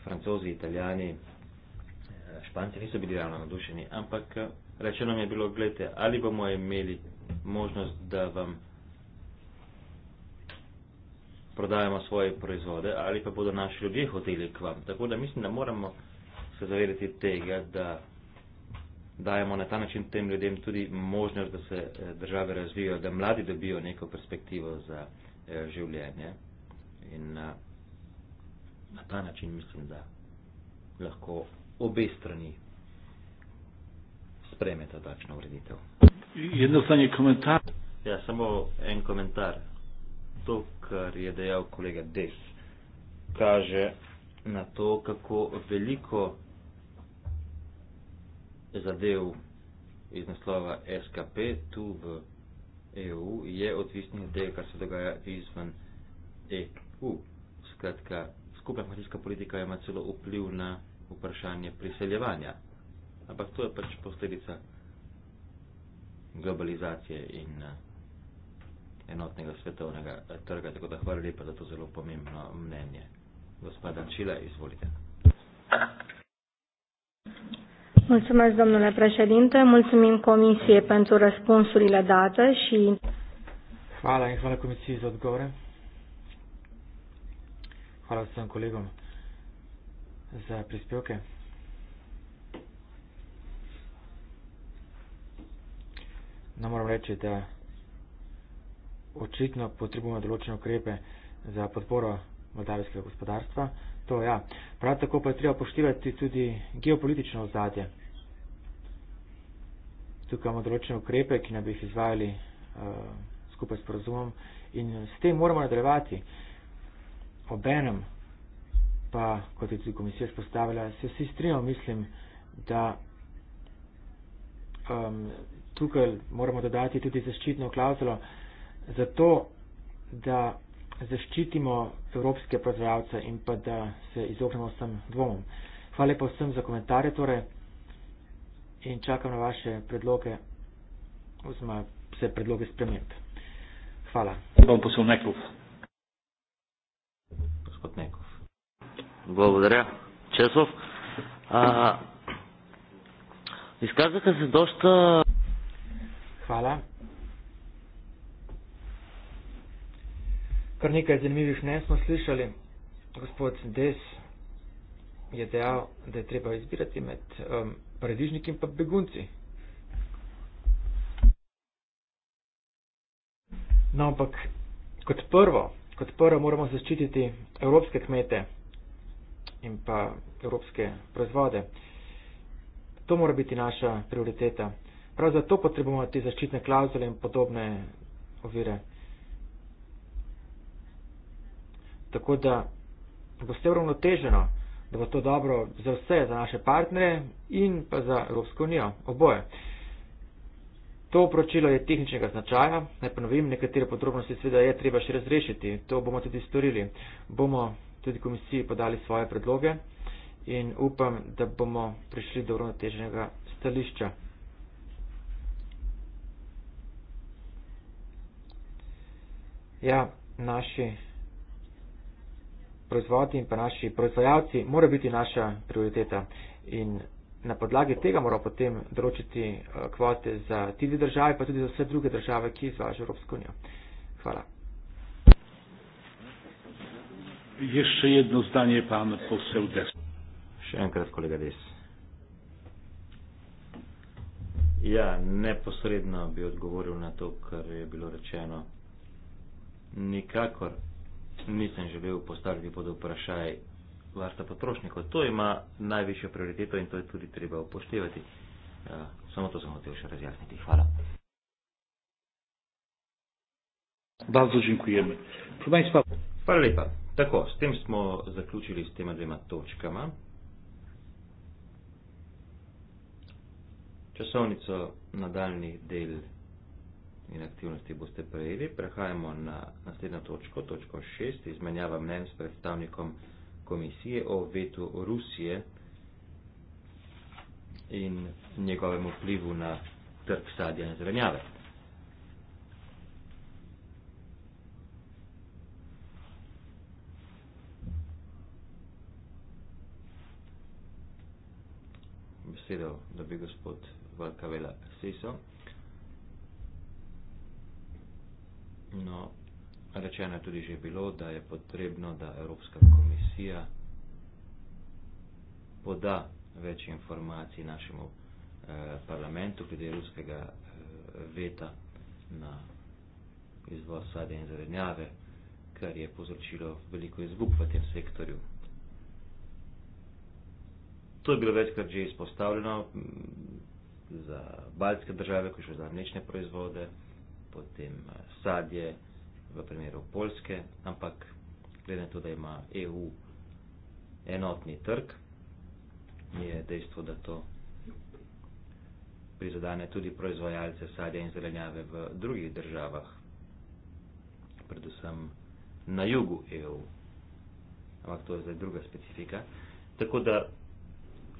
francozi, italijani, eh, španci niso bili ravno nadušeni, ampak eh, rečeno mi je bilo, gledajte, ali bomo imeli možnost, da vam prodajamo svoje proizvode ali pa bodo naši ljudje hoteli k vam. Tako da mislim, da moramo se zavedati tega, da dajemo na ta način tem ljudem tudi možnost, da se države razvijajo, da mladi dobijo neko perspektivo za življenje in eh, na ta način mislim, da lahko obe strani spremeta takšno ureditev. Jednostavni komentar. Ja, samo en komentar. To, kar je dejal kolega Des, kaže na to, kako veliko zadev iz naslova SKP tu v EU je odvisnih od tega, kar se dogaja izven EU. EU. Skratka, skupna kmetijska politika ima celo vpliv na vprašanje priseljevanja. Ampak to je pač posledica globalizacije in eh, enotnega svetovnega eh, trga, tako da hvala lepa za to zelo pomembno mnenje. Gospoda Čila, izvolite. Mulțumesc, domnule președinte, mulțumim comisiei pentru răspunsurile date și... Hvala, hvala comisiei za odgovore. Hvala vsem kolegom za prispevke. No, moram reči, da očitno potrebujemo določene ukrepe za podporo moldavijskega gospodarstva. To, ja. Prav tako pa je treba poštivati tudi geopolitično ozadje. Tukaj imamo določene ukrepe, ki naj bi jih izvajali uh, skupaj s porazumom in s tem moramo nadaljevati. Uh, obenem pa, kot je tudi komisija spostavila, se vsi strijo, mislim, da um, tukaj moramo dodati tudi zaščitno klauzulo, zato da zaščitimo evropske proizvajalce in pa da se izognemo vsem dvomom. Hvala lepa vsem za komentarje torej in čakam na vaše predloge, oziroma vse predloge sprememb. Hvala. Hvala. Господ Неков. Благодаря, Чесов. А, изказаха се доста... Хвала. Кар нека занимивих не сме слышали. Господ Дес je dejal, da je treba izbirati med um, paradižniki in pa begunci. No, ampak kot prvo, kot prvo moramo zaščititi evropske kmete in pa evropske proizvode. To mora biti naša prioriteta. Prav zato potrebujemo te zaščitne klauzule in podobne ovire. Tako da bo vse uravnoteženo, da bo to dobro za vse, za naše partnere in pa za Evropsko unijo, oboje. Uh, To vpročilo je tehničnega značaja, naj ponovim, nekatere podrobnosti sveda je treba še razrešiti, to bomo tudi storili. Bomo tudi komisiji podali svoje predloge in upam, da bomo prišli do uravnoteženega stališča. Ja, naši proizvodi in pa naši proizvajalci mora biti naša prioriteta in na podlagi tega mora potem določiti eh, kvote za tiste države, pa tudi za vse druge države, ki izvažajo Evropsko unijo. Hvala. Še jedno zdanje, pa me posel des. Še enkrat, kolega Des. Ja, neposredno bi odgovoril na to, kar je bilo rečeno. Nikakor nisem želel postaviti pod vprašaj varstva potrošnikov. To ima najvišjo prioriteto in to je tudi treba upoštevati. Ja, samo to sem hotel še razjasniti. Hvala. Bardzo dziękujemy. Proszę Państwa. Parlepa. Tak, z tym smo zakluczyli z tymi dwiema toczkami. Czasownicę na dalnych del i aktywności boste prejeli. Przechajmy na następną toczkę, toczkę 6, zmieniawa mnen z przedstawnikiem komisije o vetu Rusije in njegovem vplivu na trg sadja in zelenjave. Besedo dobi gospod Valkavela Seso. No, rečeno je tudi že bilo, da je potrebno, da Evropska komisija poda več informacij našemu eh, parlamentu, glede ruskega eh, veta na izvoz sadja in zelenjave, kar je povzročilo veliko izgub v tem sektorju. To je bilo večkrat že izpostavljeno mm, za baljske države, ko je šlo za mlečne proizvode, potem eh, sadje, v primeru Poljske, ampak glede to, da ima EU enotni trg, je dejstvo, da to prizadane tudi proizvajalce sadja in zelenjave v drugih državah, predvsem na jugu EU. Ampak to je zdaj druga specifika. Tako da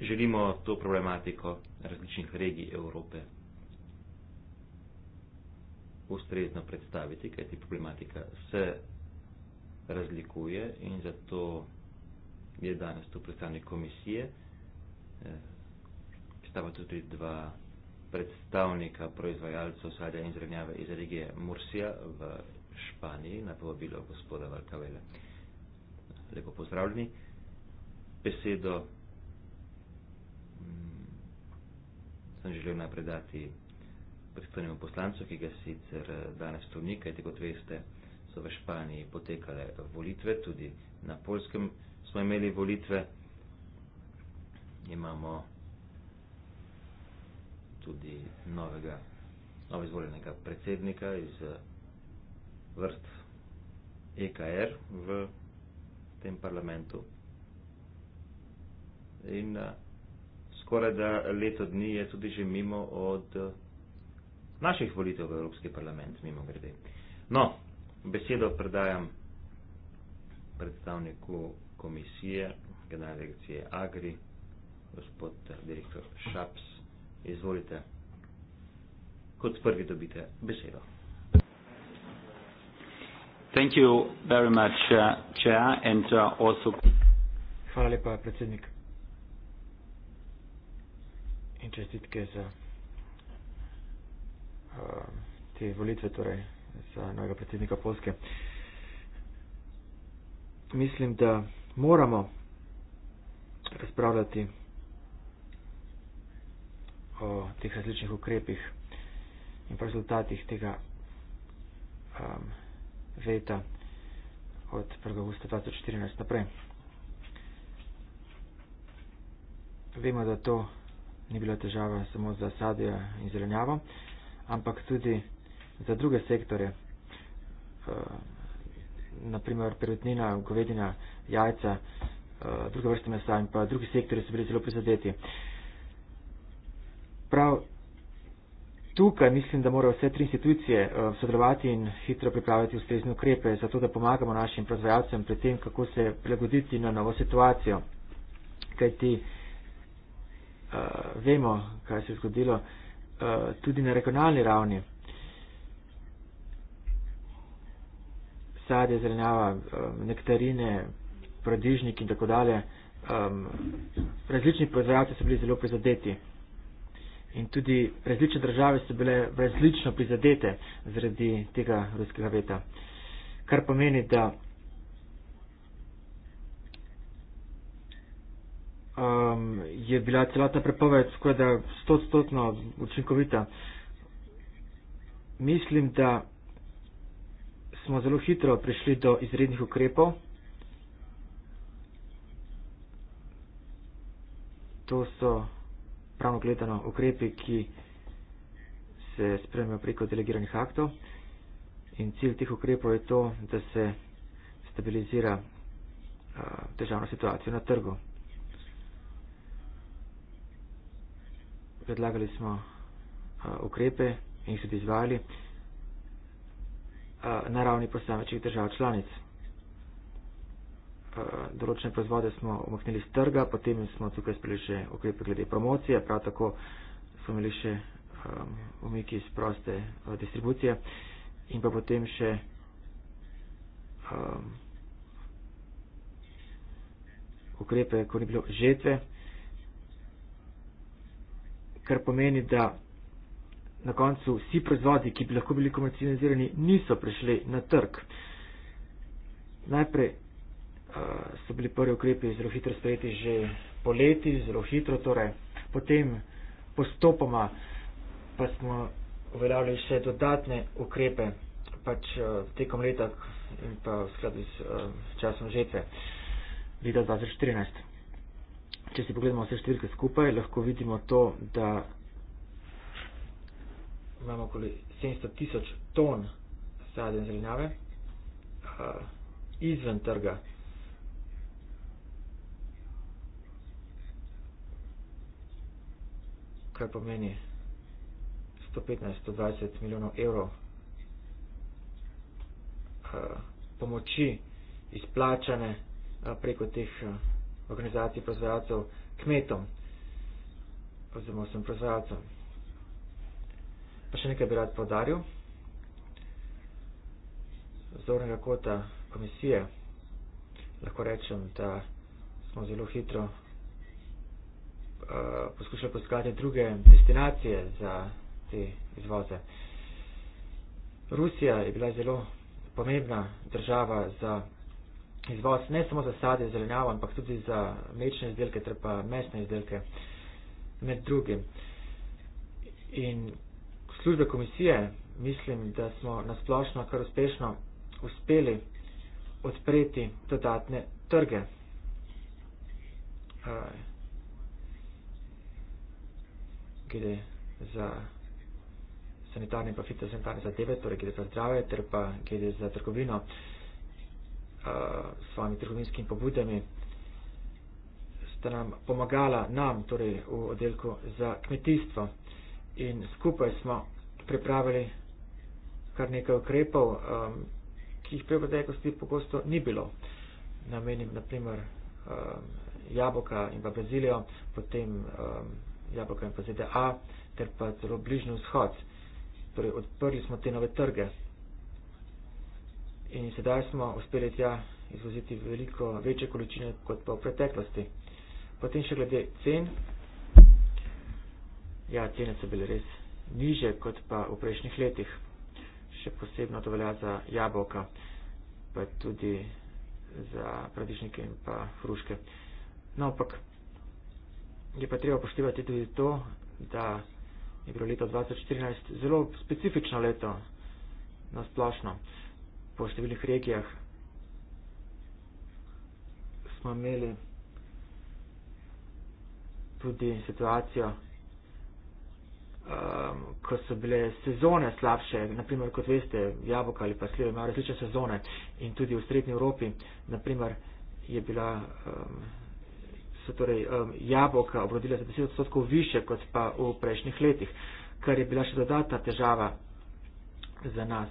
želimo to problematiko različnih regij Evrope ustrezno predstaviti, kaj ti problematika se razlikuje in zato je danes tu predstavnik komisije. Eh, Stava tudi dva predstavnika proizvajalcev sadja in zrenjave iz regije Mursija v Španiji na povabilo gospoda Valkavele. Lepo pozdravljeni. Besedo mm, sem želel napredati predstavnemu poslancu, ki ga sicer eh, danes tu ni, kajte kot veste, so v Španiji potekale volitve, tudi na Polskem smo imeli volitve. Imamo tudi novega, novo izvoljenega predsednika iz eh, vrst EKR v tem parlamentu. In eh, skoraj da leto dni je tudi že mimo od naših volitev v Evropski parlament, mimo grede. No, besedo predajam predstavniku komisije, generalne direkcije Agri, gospod direktor Šaps. Izvolite, kot prvi dobite besedo. Thank you very much, uh, Chair, and uh, also. Hvala lepa, predsednik. In čestitke za. Uh... Eh, te volitve torej, za novega predsednika Polske. Mislim, da moramo razpravljati o teh različnih ukrepih in rezultatih tega um, veta od 1. augusta 2014 naprej. Vemo, da to ni bila težava samo za sadje in zelenjavo ampak tudi za druge sektore, uh, eh, naprimer perutnina, govedina, jajca, uh, druge vrste mesa in pa drugi sektori so bili zelo prizadeti. Prav tukaj mislim, da morajo vse tri institucije uh, sodelovati in hitro pripraviti ustrezne ukrepe, zato da pomagamo našim proizvajalcem pri tem, kako se prilagoditi na novo situacijo. Kaj ti uh, vemo, kaj se je zgodilo. Uh, Eh, tudi na regionalni ravni. Sadje, zelenjava, eh, nektarine, prodižnik in tako dalje. Različni proizvajalci so bili zelo prizadeti in tudi različne države so bile različno prizadete zaradi tega ruskega veta. Kar pomeni, da um, je bila celata prepoved skoraj da stotstotno učinkovita. Mislim, da smo zelo hitro prišli do izrednih ukrepov. To so pravno gledano ukrepi, ki se spremljajo preko delegiranih aktov in cilj teh ukrepov je to, da se stabilizira uh, eh, državna situacija na trgu. predlagali smo ukrepe in jih tudi izvajali na ravni posamečnih držav članic. Določene proizvode smo omaknili z trga, potem smo tukaj sprejeli še ukrepe glede promocije, prav tako smo imeli še um, umiki iz proste distribucije in pa potem še um, ukrepe, ko ni bilo žetve kar pomeni, da na koncu vsi proizvodi, ki bi lahko bili komercializirani, niso prišli na trg. Najprej uh, so bili prvi ukrepi zelo hitro sprejeti že poleti, zelo hitro torej, potem postopoma pa smo uveljavili še dodatne ukrepe pač uh, tekom leta in pa v skladu s uh, eh, časom žetve leta 2014 če si pogledamo vse številke skupaj, lahko vidimo to, da imamo okoli 700 tisoč ton sadja in zelenjave uh, izven trga. kar pomeni 115-120 milijonov evrov uh, pomoči izplačane uh, preko teh uh, organizacije proizvajalcev kmetom, oziroma vsem proizvajalcem. Pa še nekaj bi rad podaril. Zornega kota komisije lahko rečem, da smo zelo hitro uh, poskušali poiskati druge destinacije za te izvoze. Rusija je bila zelo pomembna država za izvoz ne samo za sadje, zelenjavo, ampak tudi za mlečne izdelke, ter pa mesne izdelke med drugim. In službe komisije mislim, da smo nasplošno kar uspešno uspeli odpreti dodatne trge. Gre za sanitarne in pa fitosanitarne zadeve, torej gre za zdrave, ter pa gre za trgovino. Uh, uh, svojimi trgovinskimi pobudami sta nam pomagala nam, torej v oddelku za kmetijstvo. In skupaj smo pripravili kar nekaj ukrepov, um, ki jih prej v preteklosti pogosto ni bilo. Namenim naprimer um, jabolka in pa Brazilijo, potem um, jabolka in pa ZDA ter pa zelo bližnji vzhod. Torej odprli smo te nove trge in sedaj smo uspeli tja izvoziti veliko večje količine kot pa v preteklosti. Potem še glede cen. Ja, cene so bile res niže kot pa v prejšnjih letih. Še posebno to velja za jabolka, pa tudi za pradišnike in pa hruške. No, ampak je pa treba poštivati tudi to, da je bilo leto 2014 zelo specifično leto na splošno. Uh, po številnih regijah smo imeli tudi situacijo, um, ko so bile sezone slabše, naprimer kot veste, jabolka ali pa slive imajo različne sezone in tudi v srednji Evropi, naprimer je bila, um, so torej um, jabolka obrodila za 10 odstotkov više kot pa v prejšnjih letih, kar je bila še dodatna težava za nas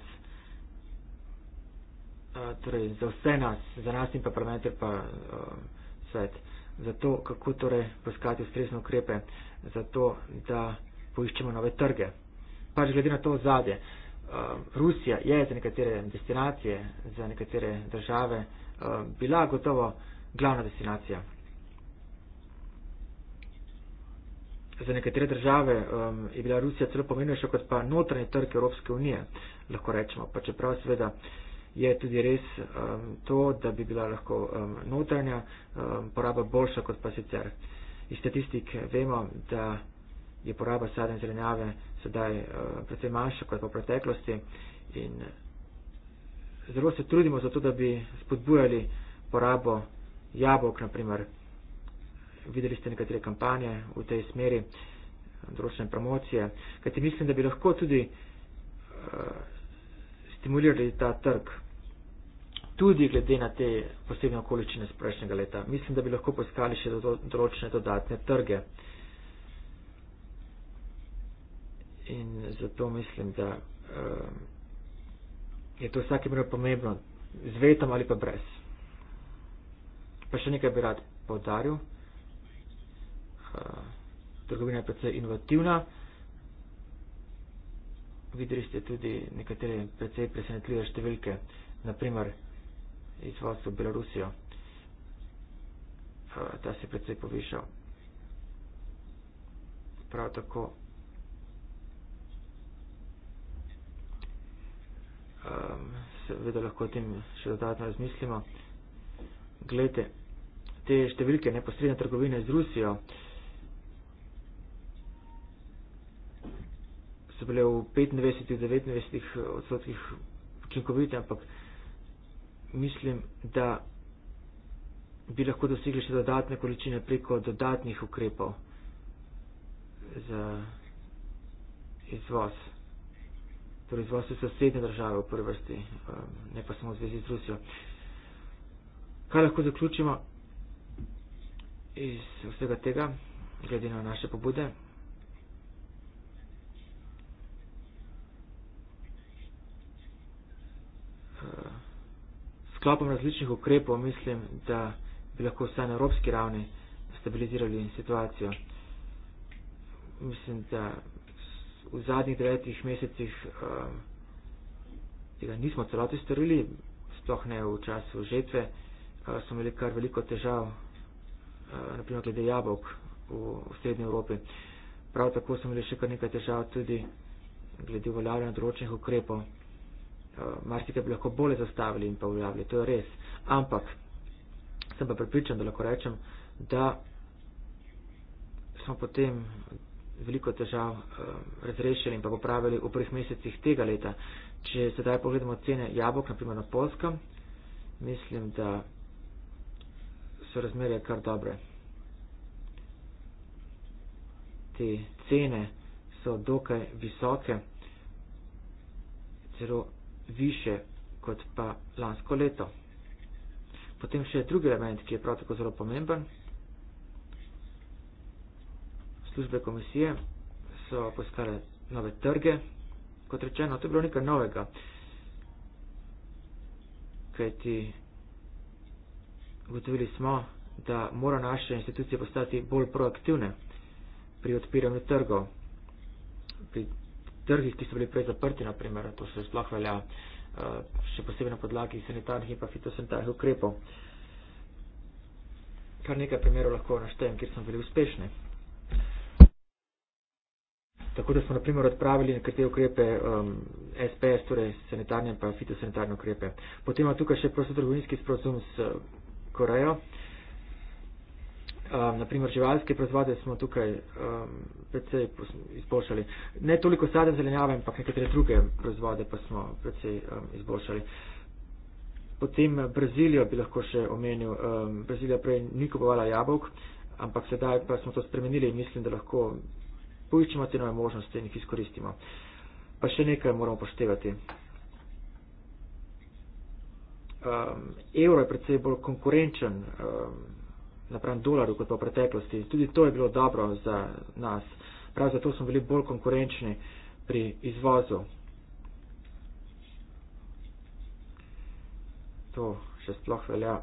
torej za vse nas, za nas in pa parlamenter pa uh, svet, za to, kako torej poskati ustrezne ukrepe, za to, da poiščemo nove trge. Pač glede na to zadje, uh, Rusija je za nekatere destinacije, za nekatere države uh, bila gotovo glavna destinacija. Za nekatere države um, je bila Rusija celo pomembnejša kot pa notranji trg Evropske unije, lahko rečemo, pa čeprav seveda uh, je tudi res um, to, da bi bila lahko um, notranja um, poraba boljša kot pa sicer. Iz statistik vemo, da je poraba sadne zelenjave sedaj um, predvsem manjša kot po preteklosti in zelo se trudimo za to, da bi spodbujali porabo jabolk, naprimer. Videli ste nekatere kampanje v tej smeri, um, določene promocije, kajti mislim, da bi lahko tudi uh, stimulirali ta trg, tudi glede na te posebne okoličine z prejšnjega leta. Mislim, da bi lahko poiskali še določene dodatne trge. In zato mislim, da um, je to vsakem primeru pomembno, z vetom ali pa brez. Pa še nekaj bi rad povdaril. Uh, eh, trgovina je predvsej inovativna videli ste tudi nekatere precej presenetljive številke, naprimer izvod v Belorusijo, ta se je precej povišal. Prav tako um, seveda lahko o tem še dodatno razmislimo. Glejte, te številke neposredne trgovine z Rusijo, uh, so bile v 25-29 odstotkih učinkovite, ampak mislim, da bi lahko dosegli še dodatne količine preko dodatnih ukrepov za izvoz. Torej izvoz v sosednje države v prvi vrsti, um, ne pa samo v zvezi z Rusijo. Kaj lahko zaključimo iz vsega tega, glede na naše pobude? Eh, sklopom različnih ukrepov mislim, da bi lahko vsaj na evropski ravni stabilizirali situacijo. Mislim, da v zadnjih devetih mesecih eh, tega nismo celoti storili, sploh ne v času žetve, eh, smo imeli kar veliko težav, naprimer glede jabolk v, v srednji Evropi. Prav tako smo imeli še kar nekaj težav tudi glede uveljavljanja določenih ukrepov. Eh, marsikaj bi lahko bolje zastavili in pa uveljavili, to je res. Ampak sem pa pripričan, da lahko rečem, da smo potem veliko težav eh, razrešili in pa popravili v prvih mesecih tega leta. Če sedaj pogledamo cene jabolk, naprimer na Polskem, mislim, da so razmerje kar dobre. Te cene so dokaj visoke, celo više kot pa lansko leto. Potem še drugi element, ki je prav tako zelo pomemben. Službe komisije so poskale nove trge. Kot rečeno, to je bilo nekaj novega. Kajti ugotovili smo, da mora naše institucije postati bolj proaktivne pri odpiranju trgov, pri trgih, ki so bili prej zaprti, naprimer, to se sploh velja eh, še posebej na podlagi sanitarnih in pa fitosanitarnih ukrepov. Kar nekaj primerov lahko naštejem, kjer smo bili uspešni. Tako da smo naprimer odpravili nekatere ukrepe um, ehm, SPS, torej sanitarne in pa fitosanitarne ukrepe. Potem ima tukaj še prostotrgovinski sporozum s Korejo. Uh, um, naprimer živalske proizvode smo tukaj um, predvsej izboljšali. Ne toliko sadem zelenjave, ampak nekatere druge proizvode pa smo predvsej um, izboljšali. Potem eh, Brazilijo bi lahko še omenil. Um, Brazilija prej ni kupovala jabolk, ampak sedaj pa smo to spremenili in mislim, da lahko poiščemo te nove možnosti in jih izkoristimo. Pa še nekaj moramo poštevati. Um, evro je predvsej bolj konkurenčen. Um, napram dolarju kot pa v preteklosti. Tudi to je bilo dobro za nas. Prav zato smo bili bolj konkurenčni pri izvozu. To še sploh velja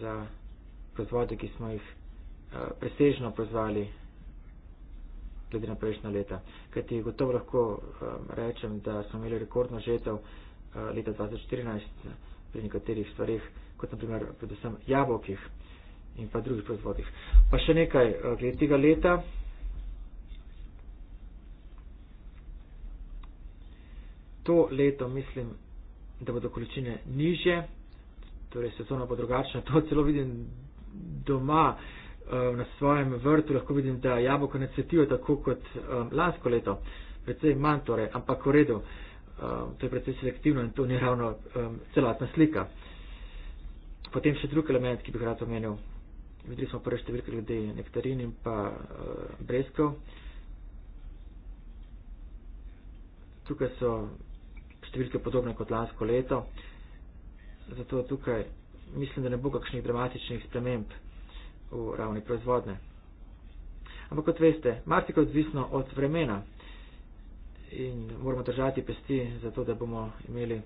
za proizvode, ki smo jih eh, presežno proizvali glede na prejšnja leta. Kajti gotovo lahko eh, rečem, da smo imeli rekordno žetev eh, leta 2014 pri nekaterih stvarih, kot naprimer predvsem jabolkih in pa drugih proizvodih. Pa še nekaj eh, glede tega leta. To leto mislim, da bodo količine niže, torej sezona bo drugačna. To celo vidim doma eh, na svojem vrtu, lahko vidim, da jabolka ne cvetijo tako kot eh, lansko leto, predvsej manj torej, ampak v redu. To je predvsej selektivno in to ni ravno celotna slika. Potem še drug element, ki bi rad omenil, Videli smo prve številke glede nektarin in pa uh, eh, brezkov. Tukaj so številke podobne kot lansko leto, zato tukaj mislim, da ne bo kakšnih dramatičnih sprememb v ravni proizvodne. Ampak kot veste, marsikaj odvisno od vremena in moramo držati pesti, zato da bomo imeli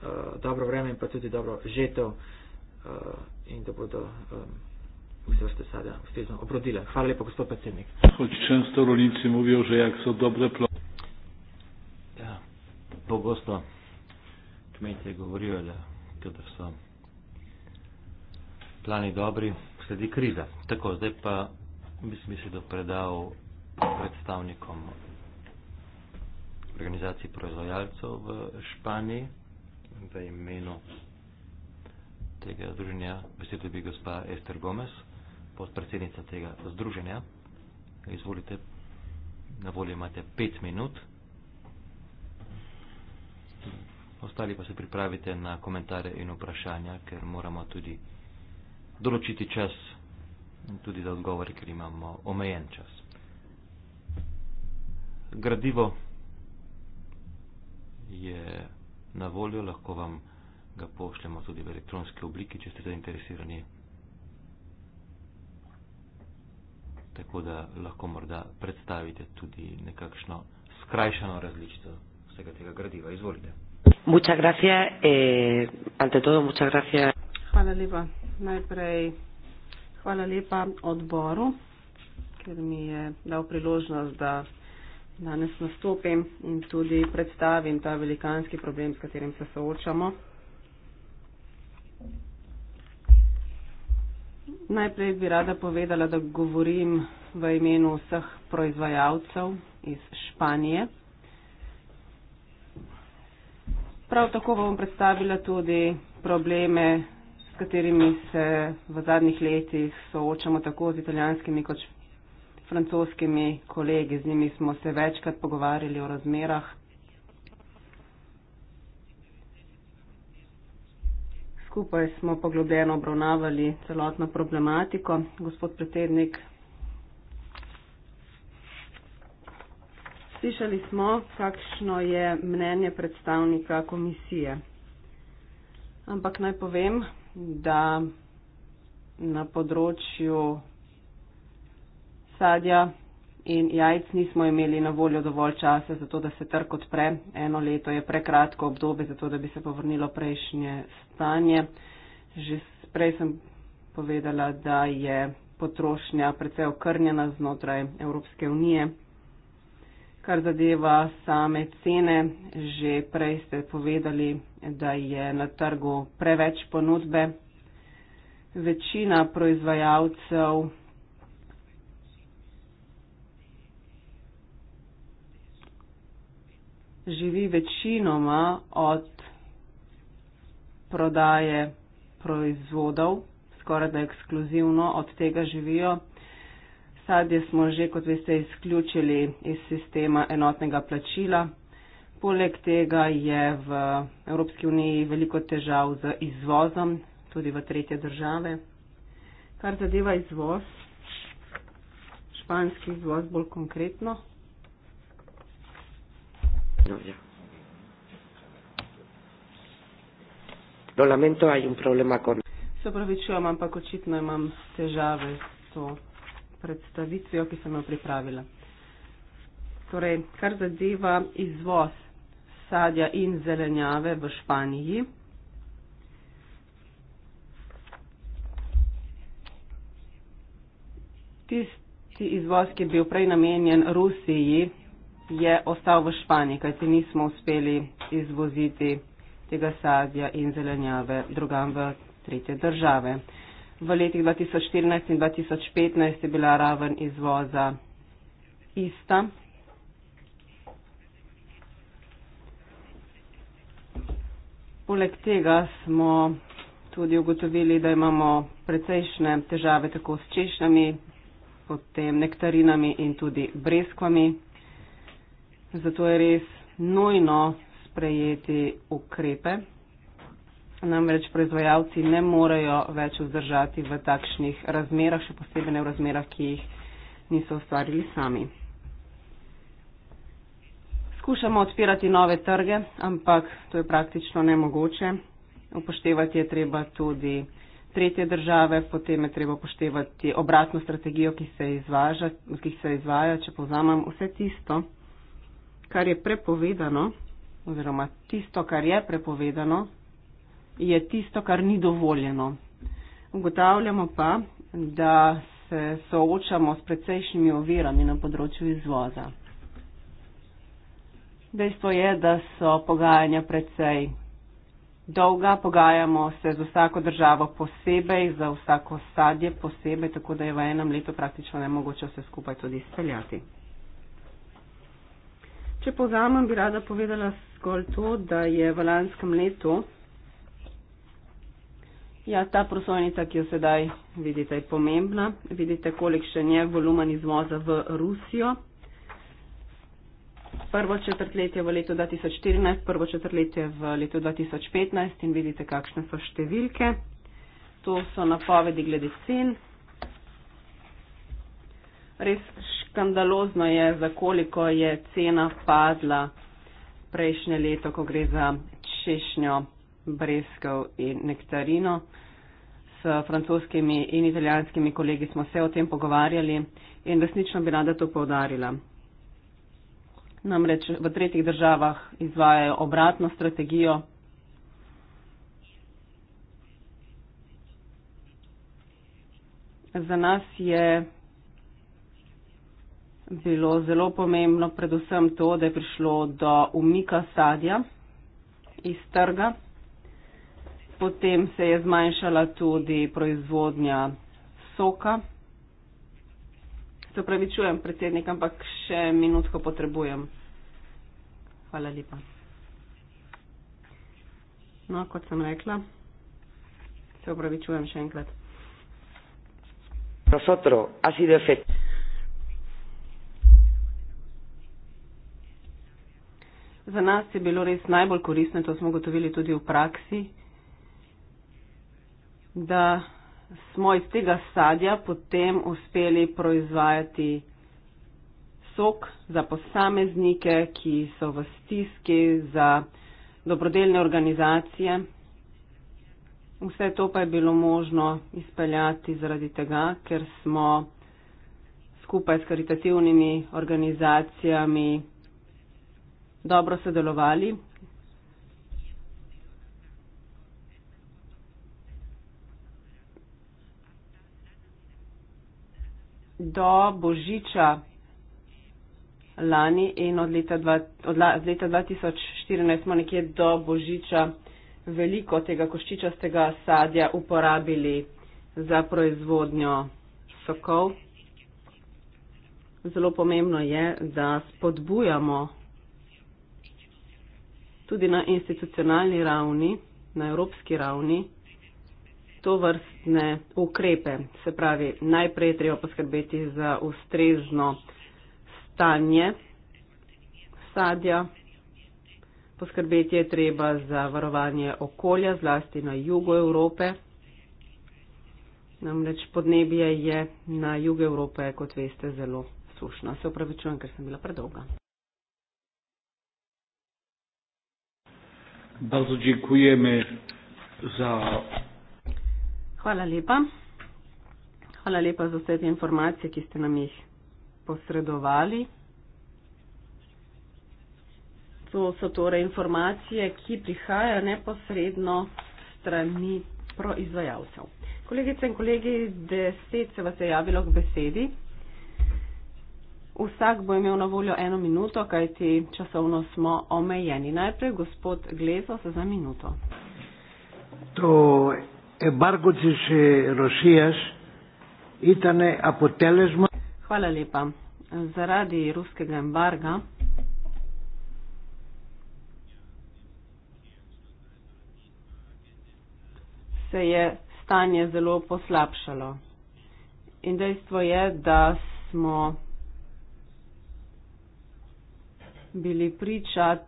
uh, dobro vreme in pa tudi dobro žetev uh, in da bodo um, vse vrste sadja ustrezno obrodile. Hvala lepa, gospod predsednik. Hočičen starolinci mluvijo že, jak so dobre plo. Ja, pogosto kmetje govorijo, da kadar so plani dobri, sledi kriza. Tako, zdaj pa bi se mislil, da predal predstavnikom organizaciji proizvajalcev v Španiji v imenu tega združenja besed dobi gospa Ester Gomez, podpredsednica tega združenja. Izvolite, na voljo imate pet minut. Ostali pa se pripravite na komentare in vprašanja, ker moramo tudi določiti čas tudi za odgovore, ker imamo omejen čas. Gradivo je na voljo, lahko vam pripravite ga pošljemo tudi v elektronski obliki, če ste zainteresirani. Tako da lahko morda predstavite tudi nekakšno skrajšano različico vsega tega gradiva. Izvolite. Eh, hvala lepa. Najprej hvala lepa odboru, ker mi je dal priložnost, da danes nastopim in tudi predstavim ta velikanski problem, s katerim se soočamo. Najprej bi rada povedala, da govorim v imenu vseh proizvajalcev iz Španije. Prav tako bom predstavila tudi probleme, s katerimi se v zadnjih letih soočamo tako z italijanskimi kot francoskimi kolegi. Z njimi smo se večkrat pogovarjali o razmerah skupaj smo poglobljeno obravnavali celotno problematiko. Gospod predsednik, slišali smo, kakšno je mnenje predstavnika komisije. Ampak naj povem, da na področju sadja in jajc nismo imeli na voljo dovolj časa, zato da se trg odpre. Eno leto je prekratko obdobje, zato da bi se povrnilo prejšnje stanje. Že prej sem povedala, da je potrošnja precej okrnjena znotraj Evropske unije. Kar zadeva same cene, že prej ste povedali, da je na trgu preveč ponudbe. Večina proizvajalcev živi večinoma od prodaje proizvodov, skoraj da ekskluzivno od tega živijo. Sadje smo že, kot veste, izključili iz sistema enotnega plačila. Poleg tega je v Evropski uniji veliko težav z izvozom, tudi v tretje države. Kar zadeva izvoz, španski izvoz bolj konkretno no, ya. Lo lamento, hay un problema con. Se opravičujem, ampak očitno imam težave s to predstavitvijo, ki sem jo pripravila. Torej, kar zadeva izvoz sadja in zelenjave v Španiji. Tisti izvoz, ki je bil prej namenjen Rusiji, je ostal v Španiji, kajti nismo uspeli izvoziti tega sadja in zelenjave drugam v tretje države. V letih 2014 in 2015 je bila raven izvoza ista. Poleg tega smo tudi ugotovili, da imamo precejšnje težave tako s češnjami, potem nektarinami in tudi breskvami. Zato je res nujno sprejeti ukrepe. Namreč proizvajalci ne morejo več vzdržati v takšnih razmerah, še posebej ne v razmerah, ki jih niso ustvarili sami. Skušamo odpirati nove trge, ampak to je praktično nemogoče. Upoštevati je treba tudi tretje države, potem je treba upoštevati obratno strategijo, ki se, izvaža, ki se izvaja, če povzamem vse tisto kar je prepovedano, oziroma tisto, kar je prepovedano, je tisto, kar ni dovoljeno. Ugotavljamo pa, da se soočamo s precejšnjimi ovirami na področju izvoza. Dejstvo je, da so pogajanja precej dolga, pogajamo se z vsako državo posebej, za vsako sadje posebej, tako da je v enem letu praktično nemogoče vse skupaj tudi izpeljati če povzamem, bi rada povedala zgolj to, da je v lanskem letu ja, ta prosojnica, ki jo sedaj vidite, je pomembna. Vidite, kolikšen je volumen izvoza v Rusijo. Prvo četrtletje v letu 2014, prvo četrtletje v letu 2015 in vidite, kakšne so številke. To so napovedi glede cen. Res škandalozno je, za koliko je cena padla prejšnje leto, ko gre za češnjo, breskov in nektarino. S francoskimi in italijanskimi kolegi smo se o tem pogovarjali in resnično bi rada to povdarila. Namreč v tretjih državah izvajajo obratno strategijo. Za nas je bilo zelo pomembno predvsem to, da je prišlo do umika sadja iz trga. Potem se je zmanjšala tudi proizvodnja soka. Se pravi, čujem predsednik, ampak še minutko potrebujem. Hvala lepa. No, kot sem rekla, se upravičujem še enkrat. Nosotros ha sido efectivo. Za nas je bilo res najbolj koristno, to smo gotovili tudi v praksi, da smo iz tega sadja potem uspeli proizvajati sok za posameznike, ki so v stiski, za dobrodelne organizacije. Vse to pa je bilo možno izpeljati zaradi tega, ker smo skupaj s karitativnimi organizacijami dobro sodelovali. Do Božiča lani in od leta, dva, od la, od leta 2014 smo nekje do Božiča veliko tega koščičastega sadja uporabili za proizvodnjo sokov. Zelo pomembno je, da spodbujamo tudi na institucionalni ravni, na evropski ravni, to vrstne ukrepe. Se pravi, najprej treba poskrbeti za ustrezno stanje sadja, poskrbeti je treba za varovanje okolja, zlasti na jugu Evrope. Namreč podnebje je na jugu Evrope, kot veste, zelo sušno. Se upravičujem, ker sem bila predolga. Bardzo dziękujemy za. Hvala lepa. Hvala lepa za vse te informacije, ki ste nam jih posredovali. To so torej informacije, ki prihajajo neposredno strani proizvajalcev. Kolegice in kolegi, deset se vas je javilo k besedi. Vsak bo imel na voljo eno minuto, kajti časovno smo omejeni. Najprej gospod Glezo za minuto. To embargo, če se rošijaš, itane apotelezmo. Hvala lepa. Zaradi ruskega embarga. Se je stanje zelo poslabšalo. In dejstvo je, da smo bili priča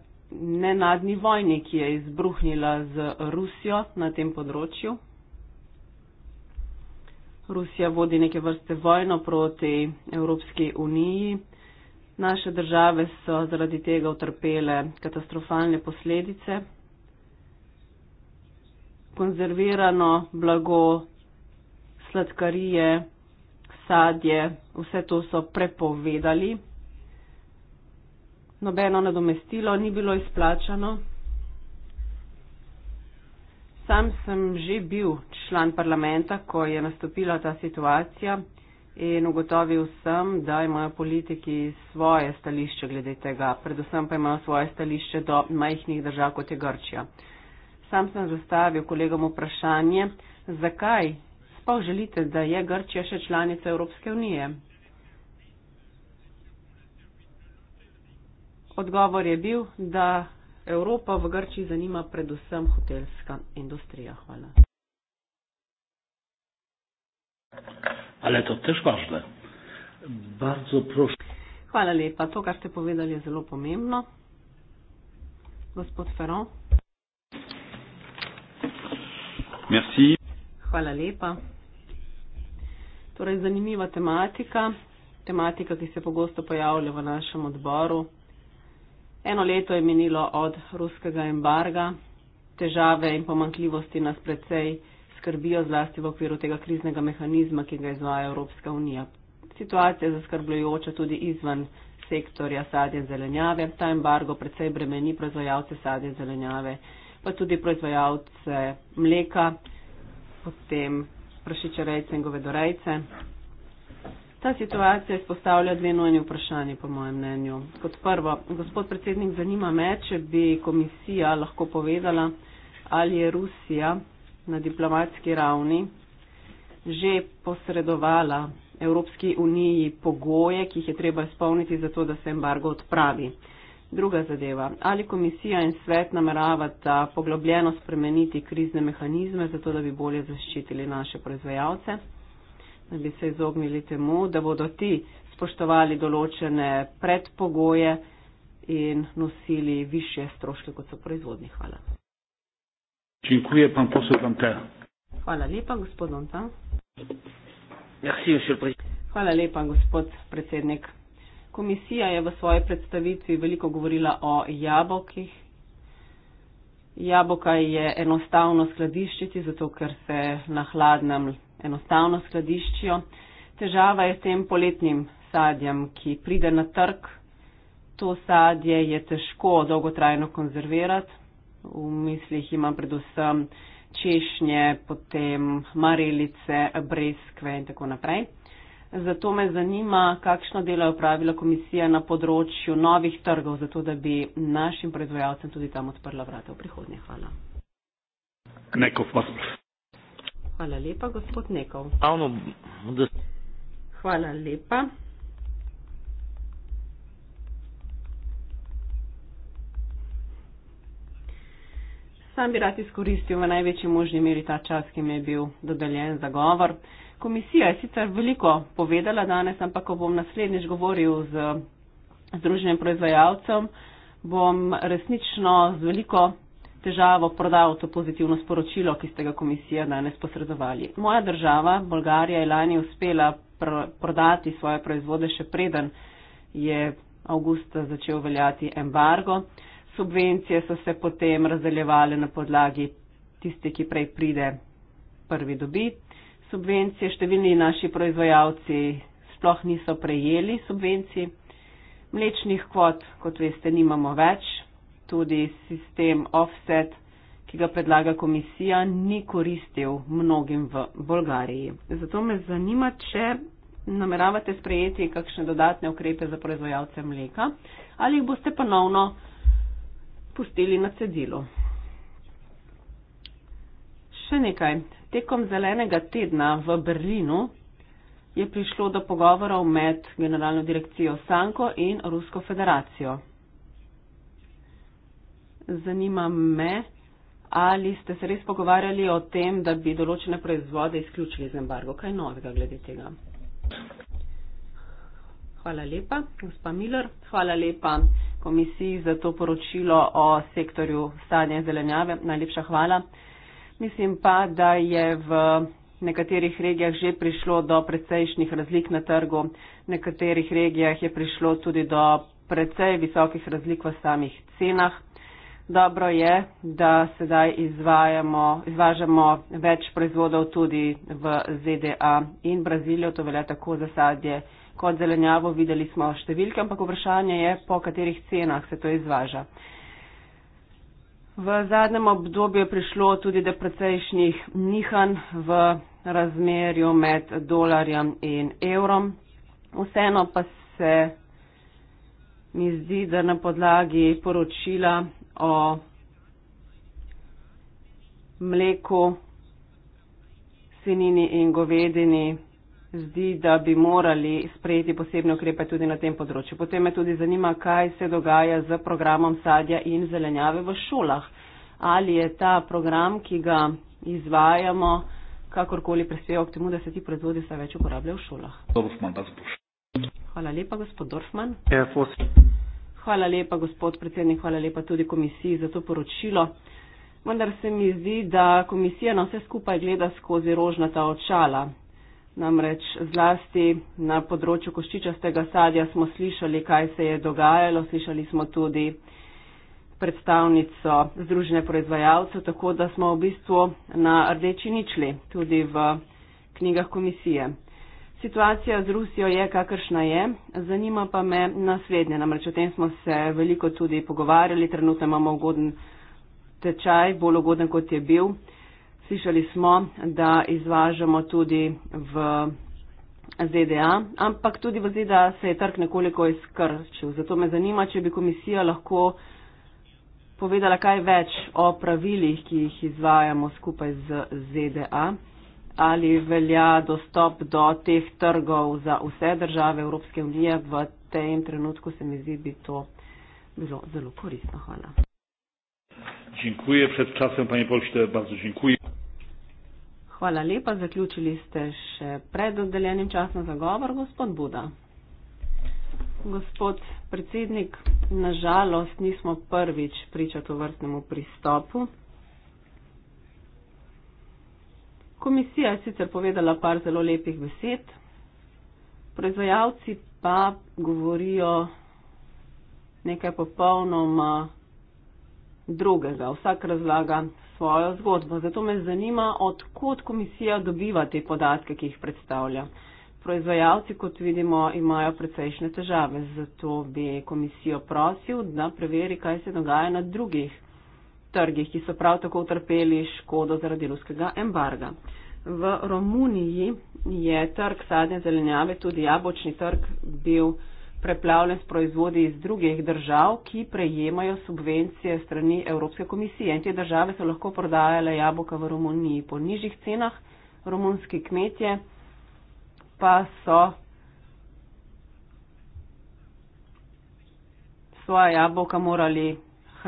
nenadni vojni, ki je izbruhnila z Rusijo na tem področju. Rusija vodi neke vrste vojno proti Evropski uniji. Naše države so zaradi tega utrpele katastrofalne posledice. Konzervirano blago, sladkarije, sadje, vse to so prepovedali nobeno nadomestilo, ni bilo izplačano. Sam sem že bil član parlamenta, ko je nastopila ta situacija in ugotovil sem, da imajo politiki svoje stališče glede tega, predvsem pa imajo svoje stališče do majhnih držav kot je Grčija. Sam sem zastavil kolegom vprašanje, zakaj spav želite, da je Grčija še članica Evropske unije, Odgovor je bil, da Evropa v Grčiji zanima predvsem hotelska industrija. Hvala. Ali je to težko šle? Bardzo prošli. Hvala lepa. To, kar ste povedali, je zelo pomembno. Gospod Ferron. Merci. Hvala lepa. Torej, zanimiva tematika, tematika, ki se pogosto pojavlja v našem odboru, Eno leto je minilo od ruskega embarga, težave in pomankljivosti nas precej skrbijo zlasti v okviru tega kriznega mehanizma, ki ga izvaja Evropska unija. Situacija je zaskrbljujoča tudi izven sektorja sadje in zelenjave. Ta embargo precej bremeni proizvajalce sadje in zelenjave, pa tudi proizvajalce mleka, potem prašičerejce in govedorejce. Ta situacija izpostavlja dve nujni vprašanje, po mojem mnenju. Kot prvo, gospod predsednik, zanima me, če bi komisija lahko povedala, ali je Rusija na diplomatski ravni že posredovala Evropski uniji pogoje, ki jih je treba izpolniti, zato da se embargo odpravi. Druga zadeva, ali komisija in svet nameravata poglobljeno spremeniti krizne mehanizme, zato da bi bolje zaščitili naše proizvajalce? da bi se izognili temu, da bodo ti spoštovali določene predpogoje in nosili više stroške, kot so proizvodni. Hvala. Hvala lepa, gospod Donta. Hvala lepa, gospod predsednik. Komisija je v svoji predstavitvi veliko govorila o jabolkih. Jaboka je enostavno skladiščiti, zato ker se na hladnem enostavno skladiščijo. Težava je s tem poletnim sadjem, ki pride na trg. To sadje je težko dolgotrajno konzervirati. V mislih imam predvsem češnje, potem marelice, breskve in tako naprej. Zato me zanima, kakšno delo je upravila komisija na področju novih trgov, zato da bi našim proizvajalcem tudi tam odprla vrata v prihodnje. Hvala. Nekaj vas Hvala lepa, gospod Nekov. Avno, da... Hvala lepa. Sam bi rad izkoristil v največji možni meri ta čas, ki mi je bil dodeljen za govor. Komisija je sicer veliko povedala danes, ampak ko bom naslednjič govoril z Združenim proizvajalcem, bom resnično z veliko težavo prodal to pozitivno sporočilo, ki ste ga komisija danes posredovali. Moja država, Bolgarija, je lani uspela pr prodati svoje proizvode še preden je avgusta začel veljati embargo. Subvencije so se potem razdeljevale na podlagi tiste, ki prej pride prvi dobi. Subvencije številni naši proizvajalci sploh niso prejeli subvencij. Mlečnih kvot, kot veste, nimamo več tudi sistem offset, ki ga predlaga komisija, ni koristil mnogim v Bolgariji. Zato me zanima, če nameravate sprejeti kakšne dodatne ukrepe za proizvajalce mleka ali jih boste ponovno pustili na cedilu. Še nekaj. Tekom zelenega tedna v Berlinu je prišlo do pogovorov med generalno direkcijo Sanko in Rusko federacijo zanima me, ali ste se res pogovarjali o tem, da bi določene proizvode izključili z embargo. Kaj novega glede tega? Hvala lepa, gospa Miller. Hvala lepa komisiji za to poročilo o sektorju sadja in zelenjave. Najlepša hvala. Mislim pa, da je v nekaterih regijah že prišlo do precejšnjih razlik na trgu, v nekaterih regijah je prišlo tudi do precej visokih razlik v samih cenah. Dobro je, da sedaj izvažamo več proizvodov tudi v ZDA in Brazilijo, to velja tako za sadje kot zelenjavo. Videli smo številke, ampak vprašanje je, po katerih cenah se to izvaža. V zadnjem obdobju je prišlo tudi do precejšnjih nihanj v razmerju med dolarjem in evrom. Vseeno pa se mi zdi, da na podlagi poročila o mleku, sinini in govedini zdi, da bi morali sprejeti posebne ukrepe tudi na tem področju. Potem me tudi zanima, kaj se dogaja z programom sadja in zelenjave v šolah. Ali je ta program, ki ga izvajamo, kakorkoli prispeval k temu, da se ti proizvodi vse več uporabljajo v šolah? Hvala lepa, gospod Dorfman. Ja, Hvala lepa, gospod predsednik, hvala lepa tudi komisiji za to poročilo. Vendar se mi zdi, da komisija na vse skupaj gleda skozi rožnata očala. Namreč zlasti na področju koščičastega sadja smo slišali, kaj se je dogajalo, slišali smo tudi predstavnico Združene proizvajalcev, tako da smo v bistvu na rdeči ničli tudi v knjigah komisije. Situacija z Rusijo je, kakršna je. Zanima pa me naslednje, namreč o tem smo se veliko tudi pogovarjali, trenutno imamo ugoden tečaj, bolj ugoden kot je bil. Slišali smo, da izvažamo tudi v ZDA, ampak tudi v ZDA se je trg nekoliko izkrčil. Zato me zanima, če bi komisija lahko povedala kaj več o pravilih, ki jih izvajamo skupaj z ZDA ali velja dostop do teh trgov za vse države Evropske unije. V tem trenutku se mi zdi, bi to bilo zelo koristno. Hvala. Dziękuję. Przed czasem, panie pośle, bardzo dziękuję. Hvala lepa. Zaključili ste še pred oddeljenim časom za govor, gospod Buda. Gospod predsednik, nažalost nismo prvič priča to vrstnemu pristopu. Komisija je sicer povedala par zelo lepih besed, proizvajalci pa govorijo nekaj popolnoma drugega. Vsak razlaga svojo zgodbo. Zato me zanima, odkot komisija dobiva te podatke, ki jih predstavlja. Proizvajalci, kot vidimo, imajo precejšnje težave, zato bi komisijo prosil, da preveri, kaj se dogaja na drugih trgih, ki so prav tako utrpeli škodo zaradi ruskega embarga. V Romuniji je trg sadne zelenjave, tudi jabočni trg, bil preplavljen s proizvodi iz drugih držav, ki prejemajo subvencije strani Evropske komisije. In te države so lahko prodajale jabolka v Romuniji po nižjih cenah, romunski kmetje pa so svoja jabolka morali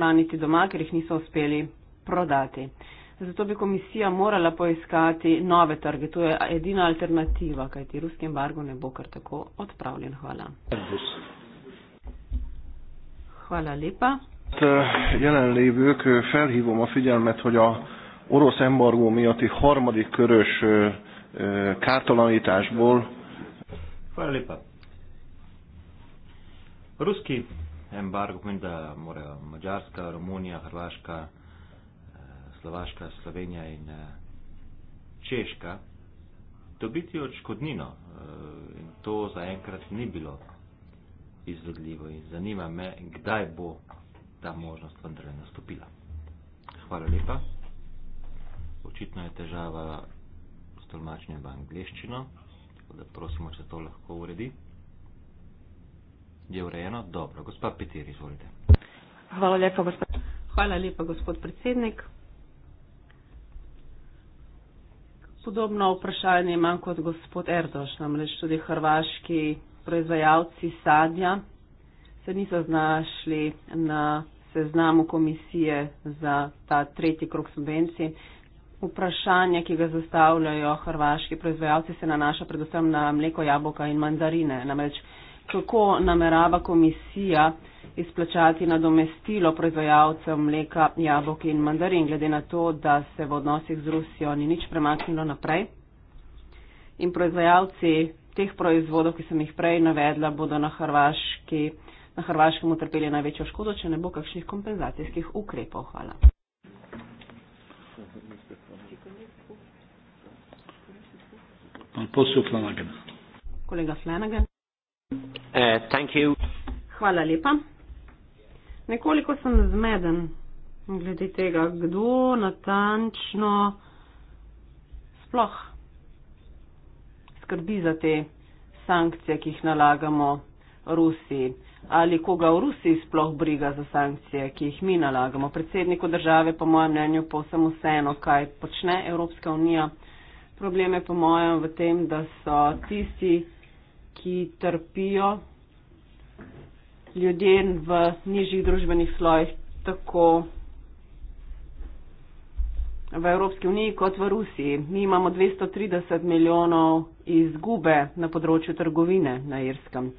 ohraniti doma, ker jih niso uspeli prodati. Zato bi komisija morala poiskati nove trge. To je edina alternativa, kajti ruski embargo ne bo kar tako odpravljen. Hvala. Hvala lepa. Eh, jelenlévők eh, felhívom a figyelmet, hogy a orosz embargó miatti harmadik körös eh, kártalanításból. Hvala lepa. Ruski embargo pomeni, da morajo Mačarska, Romunija, Hrvaška, eh, Slovaška, Slovenija in eh, Češka dobiti odškodnino. Eh, in to zaenkrat ni bilo izvedljivo in zanima me, kdaj bo ta možnost vendarle nastopila. Hvala lepa. Očitno je težava s tolmačenjem v angliščino, tako da prosimo, če to lahko uredi je urejeno. Dobro, gospod Petir, izvolite. Hvala lepa, gospod. Hvala lepa, gospod predsednik. Podobno vprašanje imam kot gospod Erdoš, namreč tudi hrvaški proizvajalci sadja se niso znašli na seznamu komisije za ta tretji krok subvencij. Vprašanje, ki ga zastavljajo hrvaški proizvajalci, se nanaša predvsem na mleko, jabolka in mandarine. Namreč kako namerava komisija izplačati nadomestilo proizvajalcev mleka, jabolk in mandarin, glede na to, da se v odnosih z Rusijo ni nič premaknilo naprej. In proizvajalci teh proizvodov, ki sem jih prej navedla, bodo na, Hrvaški, na Hrvaškem utrpeli največjo škodo, če ne bo kakšnih kompenzacijskih ukrepov. Hvala. Kolega Flanagan. Uh, thank you. Hvala lepa. Nekoliko sem zmeden glede tega, kdo natančno sploh skrbi za te sankcije, ki jih nalagamo Rusiji. Ali koga v Rusiji sploh briga za sankcije, ki jih mi nalagamo. Predsedniku države, po mojem mnenju, povsem vseeno, kaj počne Evropska unija. Problem je, po mojem, v tem, da so tisti, ki trpijo ljudje v nižjih družbenih slojih, tako v Evropski uniji kot v Rusiji. Mi imamo 230 milijonov izgube na področju trgovine na Irskem.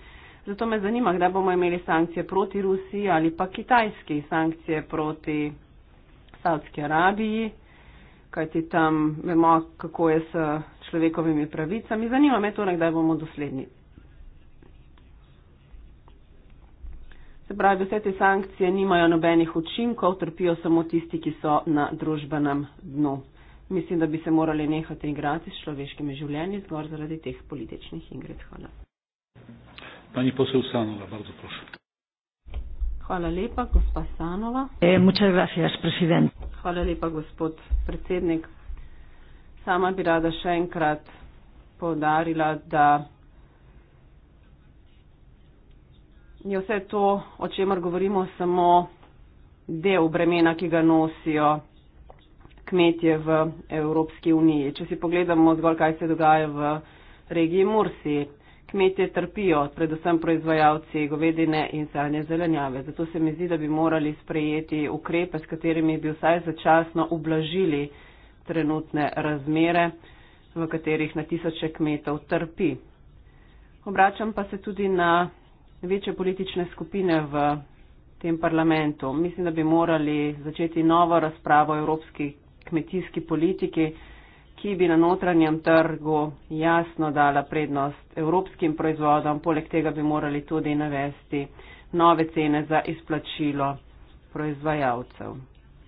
Zato me zanima, kdaj bomo imeli sankcije proti Rusiji ali pa kitajski sankcije proti Saudski Arabiji, kajti tam vemo, kako je s človekovimi pravicami. Zanima me torej, kdaj bomo dosledni. Se pravi, vse te sankcije nimajo nobenih učinkov, trpijo samo tisti, ki so na družbenem dnu. Mislim, da bi se morali nehati igrati s človeškimi življenji zgor zaradi teh političnih ingred. Hvala. Pani posel Sanova, bardzo prosim. Hvala lepa, gospa Sanova. Eh, muchas gracias, president. Hvala lepa, gospod predsednik. Sama bi rada še enkrat podarila, da je vse to, o čemer govorimo, samo del bremena, ki ga nosijo kmetje v Evropski uniji. Če si pogledamo zgolj, kaj se dogaja v regiji Mursi, kmetje trpijo, predvsem proizvajalci govedine in sadne zelenjave. Zato se mi zdi, da bi morali sprejeti ukrepe, s katerimi bi vsaj začasno ublažili trenutne razmere, v katerih na tisoče kmetov trpi. Obračam pa se tudi na večje politične skupine v tem parlamentu. Mislim, da bi morali začeti novo razpravo o evropski kmetijski politiki, ki bi na notranjem trgu jasno dala prednost evropskim proizvodom, poleg tega bi morali tudi navesti nove cene za izplačilo proizvajalcev.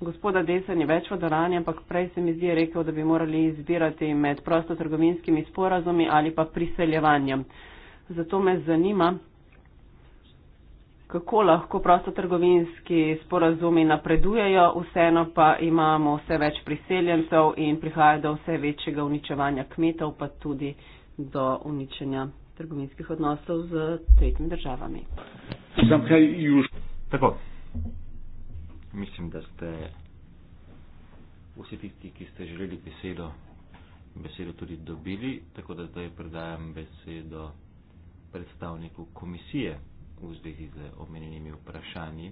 Gospoda Desen je več v dvorani, ampak prej se mi zdi rekel, da bi morali izbirati med prostotrgovinskimi sporazumi ali pa priseljevanjem. Zato me zanima, kako lahko prostotrgovinski sporazumi napredujejo, vseeno pa imamo vse več priseljencev in prihaja do vse večjega uničevanja kmetov, pa tudi do uničenja trgovinskih odnosov z tretjimi državami. Tako. Mislim, da ste vsi tisti, ki ste želeli besedo, besedo tudi dobili, tako da zdaj predajam besedo predstavniku komisije v zvezi z omenjenimi vprašanji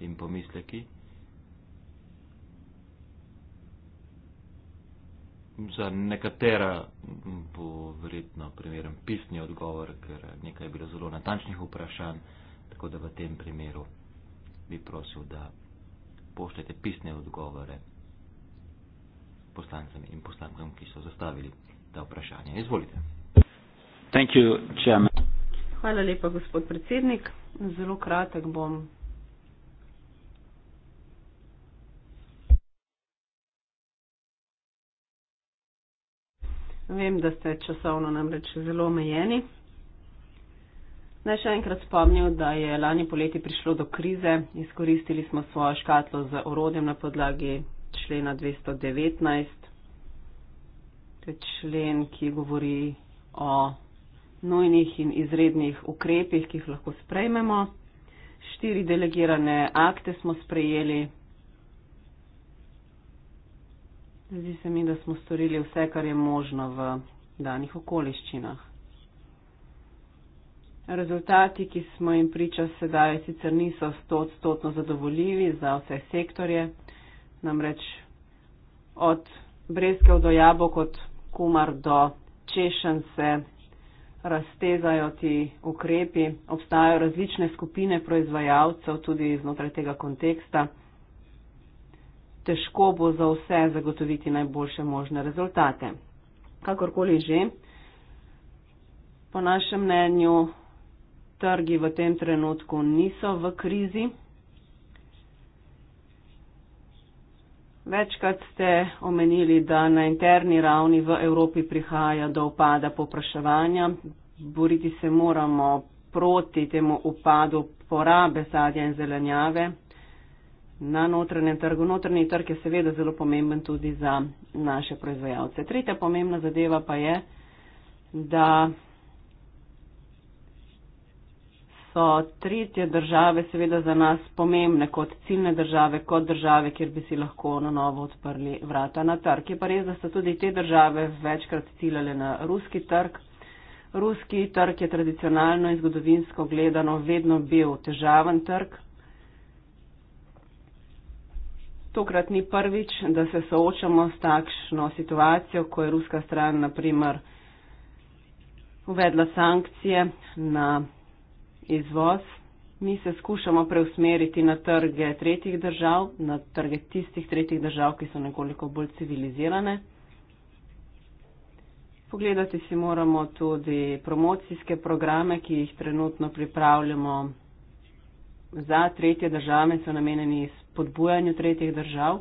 in pomisleki. Za nekatera bo verjetno primeren pisni odgovor, ker nekaj je bilo zelo natančnih vprašanj, tako da v tem primeru bi prosil, da pošljete pisne odgovore poslancem in poslankam, ki so zastavili ta vprašanja. Izvolite. Thank you, chairman. Hvala lepa, gospod predsednik. Zelo kratek bom. Vem, da ste časovno namreč zelo omejeni. Naj še enkrat spomnil, da je lani poleti prišlo do krize. Izkoristili smo svojo škatlo z orodjem na podlagi člena 219. To je člen, ki govori o nojnih in izrednih ukrepih, ki jih lahko sprejmemo. Štiri delegirane akte smo sprejeli. Zdi se mi, da smo storili vse, kar je možno v danih okoliščinah. Rezultati, ki smo jim priča sedaj, sicer niso stotstotno zadovoljivi za vse sektorje, namreč od brezkev do jabolk, od kumar do češen se raztezajo ti ukrepi, obstajajo različne skupine proizvajalcev tudi znotraj tega konteksta. Težko bo za vse zagotoviti najboljše možne rezultate. Kakorkoli že, po našem mnenju, trgi v tem trenutku niso v krizi, Večkrat ste omenili, da na interni ravni v Evropi prihaja do upada popraševanja. Boriti se moramo proti temu upadu porabe sadja in zelenjave na notranjem trgu. Notranji trg je seveda zelo pomemben tudi za naše proizvajalce. Tretja pomembna zadeva pa je, da so tretje države seveda za nas pomembne kot ciljne države, kot države, kjer bi si lahko na novo odprli vrata na trg. Je pa res, da so tudi te države večkrat ciljale na ruski trg. Ruski trg je tradicionalno in zgodovinsko gledano vedno bil težaven trg. Tokrat ni prvič, da se soočamo s takšno situacijo, ko je ruska stran naprimer uvedla sankcije na izvoz. Mi se skušamo preusmeriti na trge tretjih držav, na trge tistih tretjih držav, ki so nekoliko bolj civilizirane. Pogledati si moramo tudi promocijske programe, ki jih trenutno pripravljamo za tretje države, so namenjeni spodbujanju tretjih držav.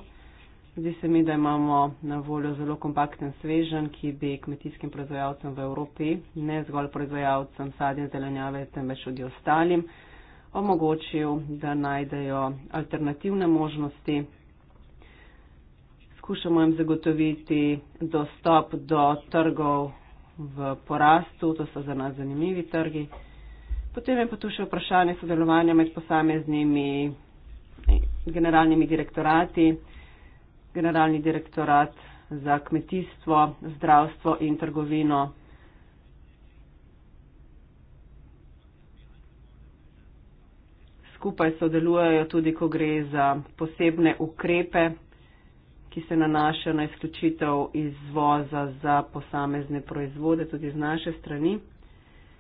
Zdi se mi, da imamo na voljo zelo kompakten svežen, ki bi kmetijskim proizvajalcem v Evropi, ne zgolj proizvajalcem sadja in zelenjave, temveč tudi ostalim, omogočil, da najdejo alternativne možnosti. Skušamo jim zagotoviti dostop do trgov v porastu, to so za nas zanimivi trgi. Potem je pa tu še vprašanje sodelovanja med posameznimi generalnimi direktorati generalni direktorat za kmetijstvo, zdravstvo in trgovino. Skupaj sodelujejo tudi, ko gre za posebne ukrepe, ki se nanašajo na izključitev izvoza za posamezne proizvode, tudi z naše strani.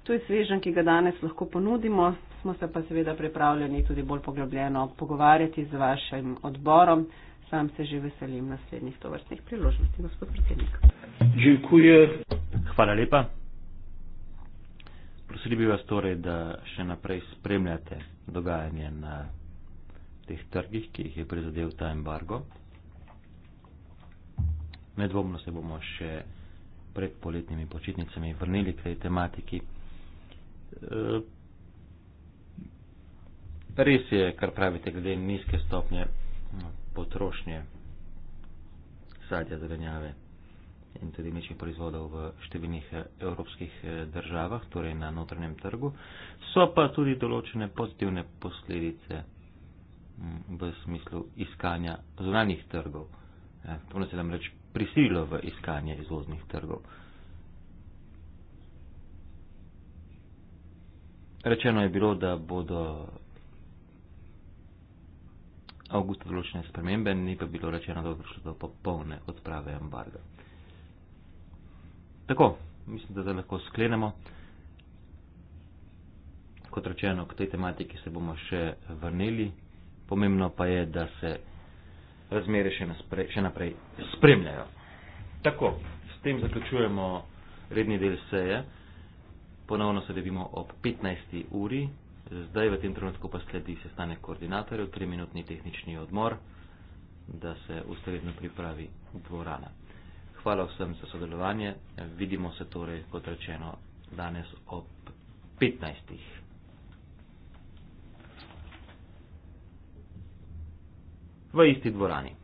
To je svežen, ki ga danes lahko ponudimo, smo se pa seveda pripravljeni tudi bolj poglobljeno pogovarjati z vašim odborom. Sam se že veselim naslednjih tovrstnih priložnosti, gospod predsednik. Žilkuje. Hvala lepa. Prosili bi vas torej, da še naprej spremljate dogajanje na teh trgih, ki jih je prizadel ta embargo. Nedvomno se bomo še pred poletnimi počitnicami vrnili k tej tematiki. E, res je, kar pravite, glede nizke stopnje potrošnje sadja zelenjave in tudi mlečnih proizvodov v številnih eh, evropskih eh, državah, torej na notranjem trgu. So pa tudi določene pozitivne posledice mm, v smislu iskanja zunanjih trgov. Eh, to nas je namreč prisililo v iskanje izvoznih trgov. Rečeno je bilo, da bodo avgust določene spremembe, ni pa bilo rečeno, da bo prišlo do popolne odprave embarga. Tako, mislim, da zdaj lahko sklenemo. Kot rečeno, k tej tematiki se bomo še vrnili. Pomembno pa je, da se razmere še, naspre, še naprej spremljajo. Tako, s tem zaključujemo redni del seje. Ponovno se dobimo ob 15. uri. Zdaj v tem trenutku pa sledi sestanek koordinatorjev, triminutni tehnični odmor, da se ustrezno pripravi dvorana. Hvala vsem za sodelovanje. Vidimo se torej, kot rečeno, danes ob 15. V isti dvorani.